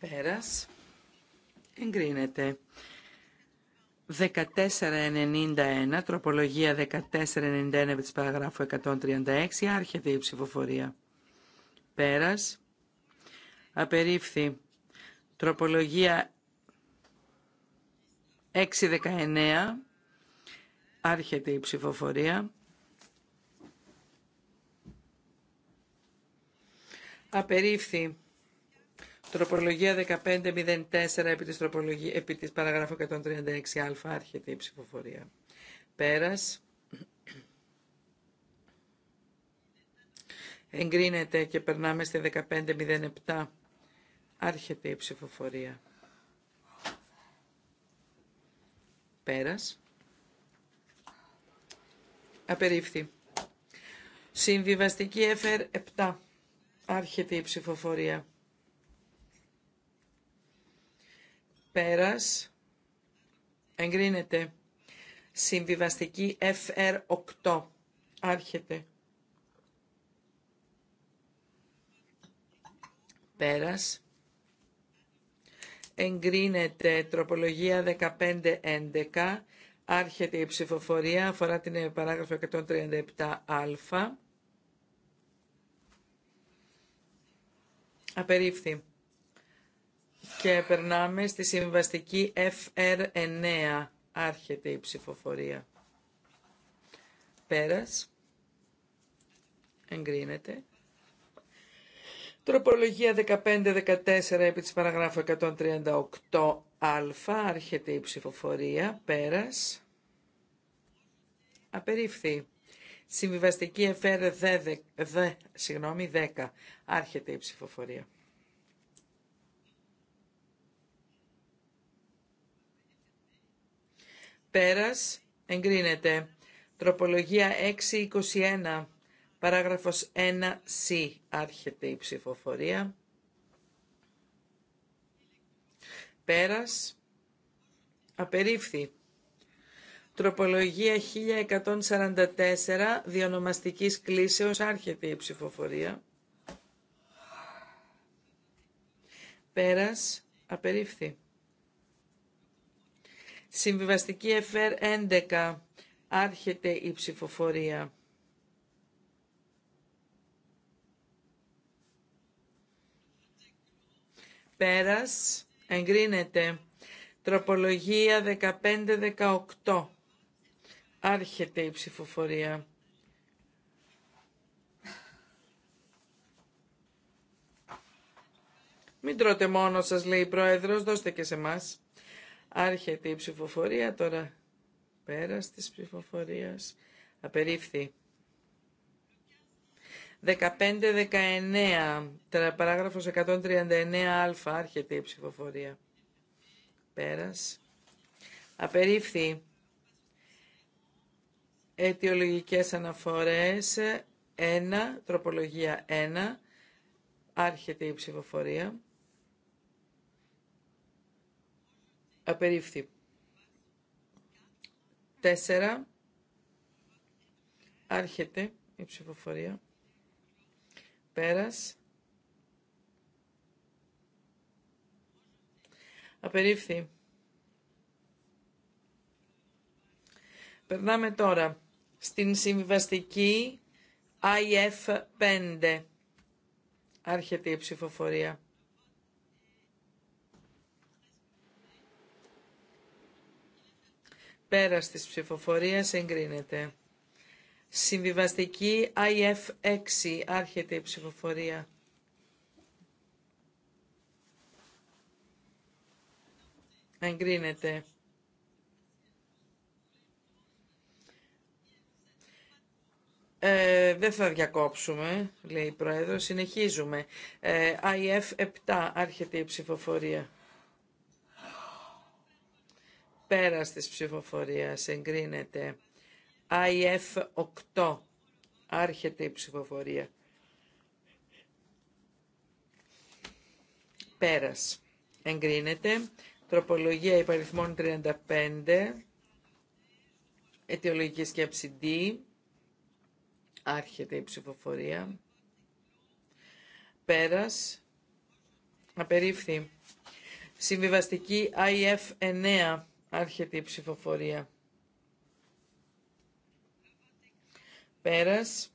Πέρας. Εγκρίνεται. 1491, τροπολογία 1491 επί της παραγράφου 136, άρχεται η ψηφοφορία. Πέρας. Απερίφθη. Τροπολογία 619, άρχεται η ψηφοφορία. Απερίφθη. Τροπολογία 1504 επί της, επί της παραγράφου 136α άρχεται η ψηφοφορία. Πέρας. Εγκρίνεται και περνάμε στη 1507. Άρχεται η ψηφοφορία. Πέρας. Απερίφθη. Εφέρ FR7. Άρχεται η ψηφοφορία. πέρας εγκρίνεται συμβιβαστική FR8 άρχεται πέρας εγκρίνεται τροπολογία 1511 άρχεται η ψηφοφορία αφορά την ε, παράγραφο 137α απερίφθη και περνάμε στη συμβαστική FR9. Άρχεται η ψηφοφορία. Πέρας. Εγκρίνεται. 1514 επί της παραγράφου 138α. Άρχεται η ψηφοφορία. Πέρας. Απερίφθη. Συμβιβαστική FR10. Συγγνώμη, 10 αρχεται η ψηφοφορία. Πέρας εγκρίνεται. Τροπολογία 621, παράγραφος 1C, άρχεται η ψηφοφορία. Πέρας, απερίφθη. Τροπολογία 1144, διονομαστικής κλίσεως, άρχεται η ψηφοφορία. Πέρας, απερίφθη. Συμβιβαστική ΕΦΕΡ 11. Άρχεται η ψηφοφορία. Πέρας. Εγκρίνεται. Τροπολογία 15-18. Άρχεται η ψηφοφορία. Μην τρώτε μόνο σας, λέει η Πρόεδρος, δώστε και σε μας. Άρχεται η ψηφοφορία τώρα. Πέρας της ψηφοφορίας. Απερίφθη. 15-19, παράγραφος 139α, άρχεται η ψηφοφορία. Πέρας. Απερίφθη. Αιτιολογικές αναφορές, 1, τροπολογία 1, άρχεται η ψηφοφορία. Απερίφθη. Τέσσερα. Άρχεται η ψηφοφορία. Πέρας. Απερίφθη. Περνάμε τώρα στην συμβιβαστική IF5. Άρχεται η ψηφοφορία. Πέρας της ψηφοφορίας εγκρίνεται. Συμβιβαστική IF6 άρχεται η ψηφοφορία. Εγκρίνεται. Ε, δεν θα διακόψουμε, λέει η Πρόεδρο. Συνεχίζουμε. Ε, IF7 άρχεται η ψηφοφορία. Πέρα της ψηφοφορίας εγκρίνεται. IF 8. Άρχεται η ψηφοφορία. Πέρας. Εγκρίνεται. Τροπολογία υπαριθμών 35. Αιτιολογική σκέψη D. Άρχεται η ψηφοφορία. Πέρας. Απερίφθη. Συμβιβαστική IF 9 Άρχεται η ψηφοφορία. Πέρας.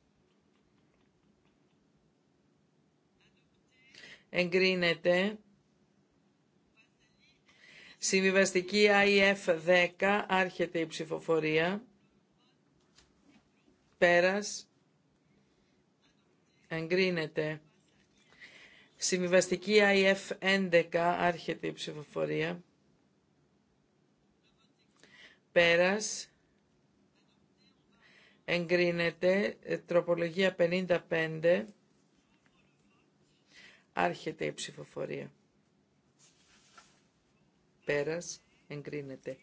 Εγκρίνεται. Συμβιβαστική IF10. Άρχεται η ψηφοφορία. Πέρας. Εγκρίνεται. Συμβιβαστική IF11. Άρχεται η ψηφοφορία. Πέρας. Εγκρίνεται. Ε, τροπολογία 55. Άρχεται η ψηφοφορία. Πέρας. Εγκρίνεται.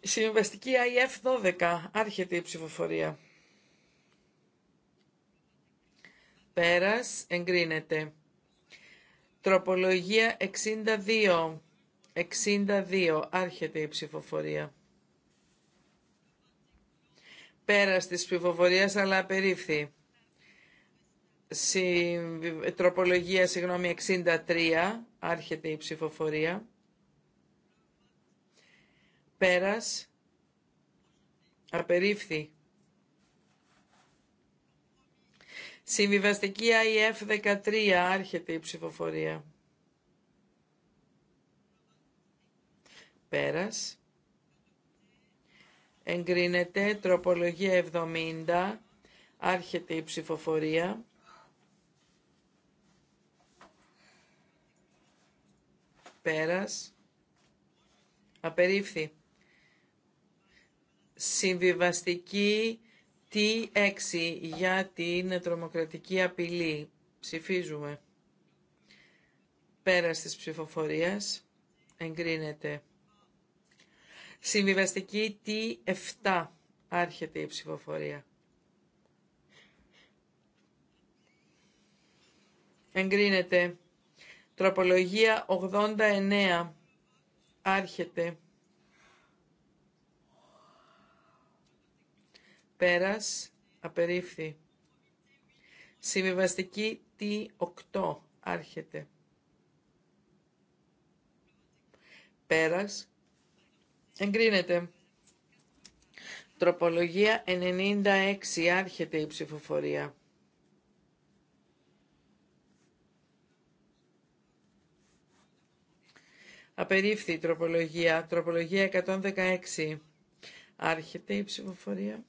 Συμβαστική IF 12. Άρχεται η ψηφοφορία. Πέρας. Εγκρίνεται. Τροπολογία 62. 62. Άρχεται η ψηφοφορία. Πέρα τη ψηφοφορία, αλλά απερίφθη. Τροπολογία, συγγνώμη, 63. Άρχεται η ψηφοφορία. Πέρας. Απερίφθη. Συμβιβαστική IF 13. Άρχεται η ψηφοφορία. πέρας. Εγκρίνεται τροπολογία 70, άρχεται η ψηφοφορία. Πέρας. Απερίφθη. Συμβιβαστική T6 για την τρομοκρατική απειλή. Ψηφίζουμε. Πέρας της ψηφοφορίας εγκρίνεται. Συμβιβαστική T7 άρχεται η ψηφοφορία. Εγκρίνεται. Τροπολογία 89 άρχεται. Πέρας απερίφθη. Συμβιβαστική T8 άρχεται. Πέρας Εγκρίνεται. Τροπολογία 96. Άρχεται η ψηφοφορία. Απερίφθη η τροπολογία. Τροπολογία 116. Άρχεται η ψηφοφορία.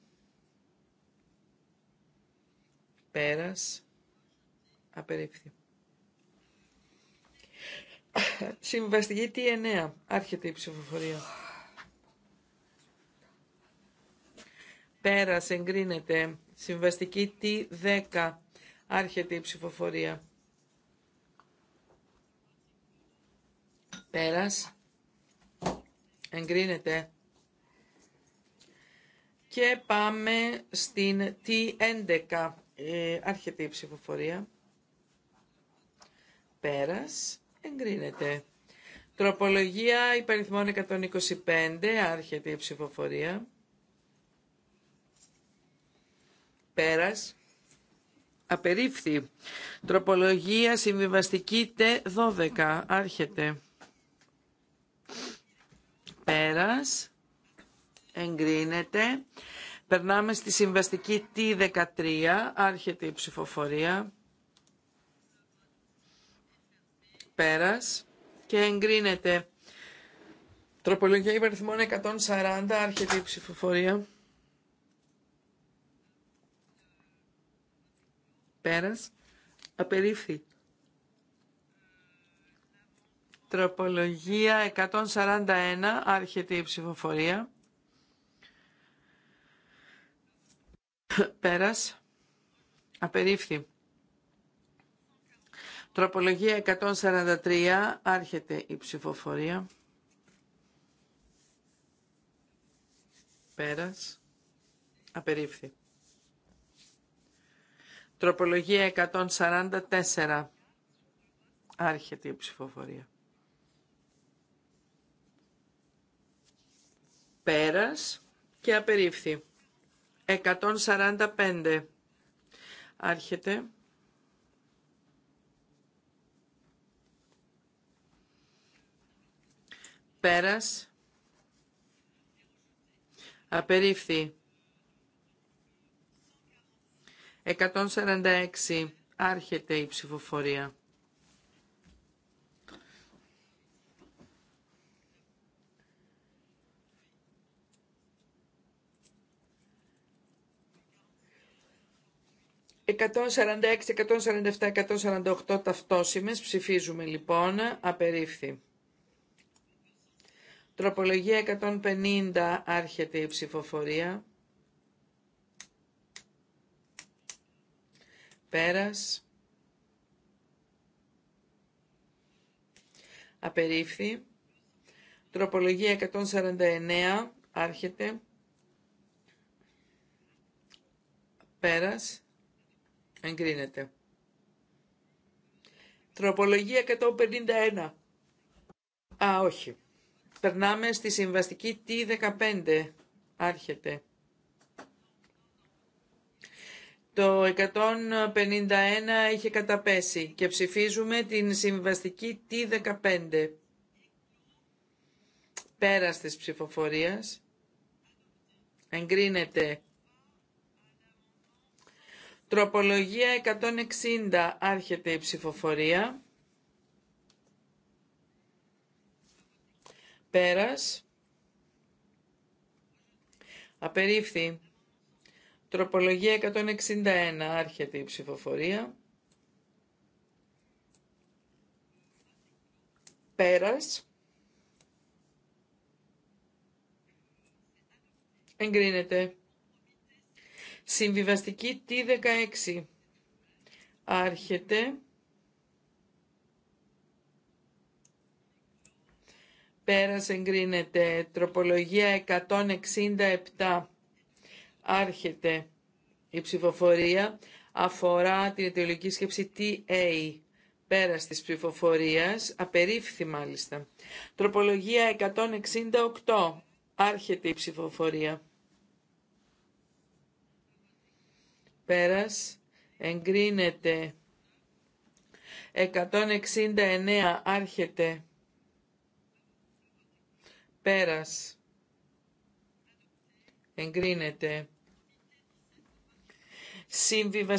Πέρας. Απερίφθη. Συμβαστική T9. Άρχεται η ψηφοφορία. Πέρας εγκρίνεται. Συμβαστική T10. Άρχεται η ψηφοφορία. Πέρας. Εγκρίνεται. Και πάμε στην T11. Ε, άρχεται η ψηφοφορία. Πέρας. Εγκρίνεται. Τροπολογία υπεριθμών 125. Άρχεται η ψηφοφορία. Πέρας. Απερίφθη. Τροπολογία συμβιβαστική Т12. Άρχεται. Πέρας. Εγκρίνεται. Περνάμε στη συμβαστική T13. Άρχεται η ψηφοφορία. Πέρας. Και εγκρίνεται. Τροπολογία υπαριθμών 140. Άρχεται η ψηφοφορία. Πέρας. Απερίφθη. Τροπολογία 141. Άρχεται η ψηφοφορία. Πέρας. Απερίφθη. Τροπολογία 143. Άρχεται η ψηφοφορία. Πέρας. Απερίφθη. Τροπολογία 144. Άρχεται η ψηφοφορία. Πέρας και απερίφθη. 145. Άρχεται. Πέρας. Απερίφθη. 146. Άρχεται η ψηφοφορία. Εκατόν 147, 148 ταυτόσημες. Ψηφίζουμε λοιπόν. Απερίφθη. Τροπολογία 150 άρχεται η ψηφοφορία. Πέρας. Απερίφθη. Τροπολογία 149. Άρχεται. Πέρας. Εγκρίνεται. Τροπολογία 151. Α, όχι. Περνάμε στη συμβαστική T15. Άρχεται. Το 151 είχε καταπέσει και ψηφίζουμε την συμβαστική T15. Πέρας της ψηφοφορίας εγκρίνεται. Τροπολογία 160 άρχεται η ψηφοφορία. Πέρας. Απερίφθη. Τροπολογία 161. Άρχεται η ψηφοφορία. Πέρας. Εγκρίνεται. Συμβιβαστική T16. Άρχεται. Πέρας εγκρίνεται. Τροπολογία 167. Άρχεται η ψηφοφορία αφορά την αιτιολογική σκέψη TA. πέρας της ψηφοφορίας, απερίφθη μάλιστα. Τροπολογία 168. Άρχεται η ψηφοφορία. Πέρας. Εγκρίνεται. 169. Άρχεται. Πέρας. Εγκρίνεται συμβιβασμοί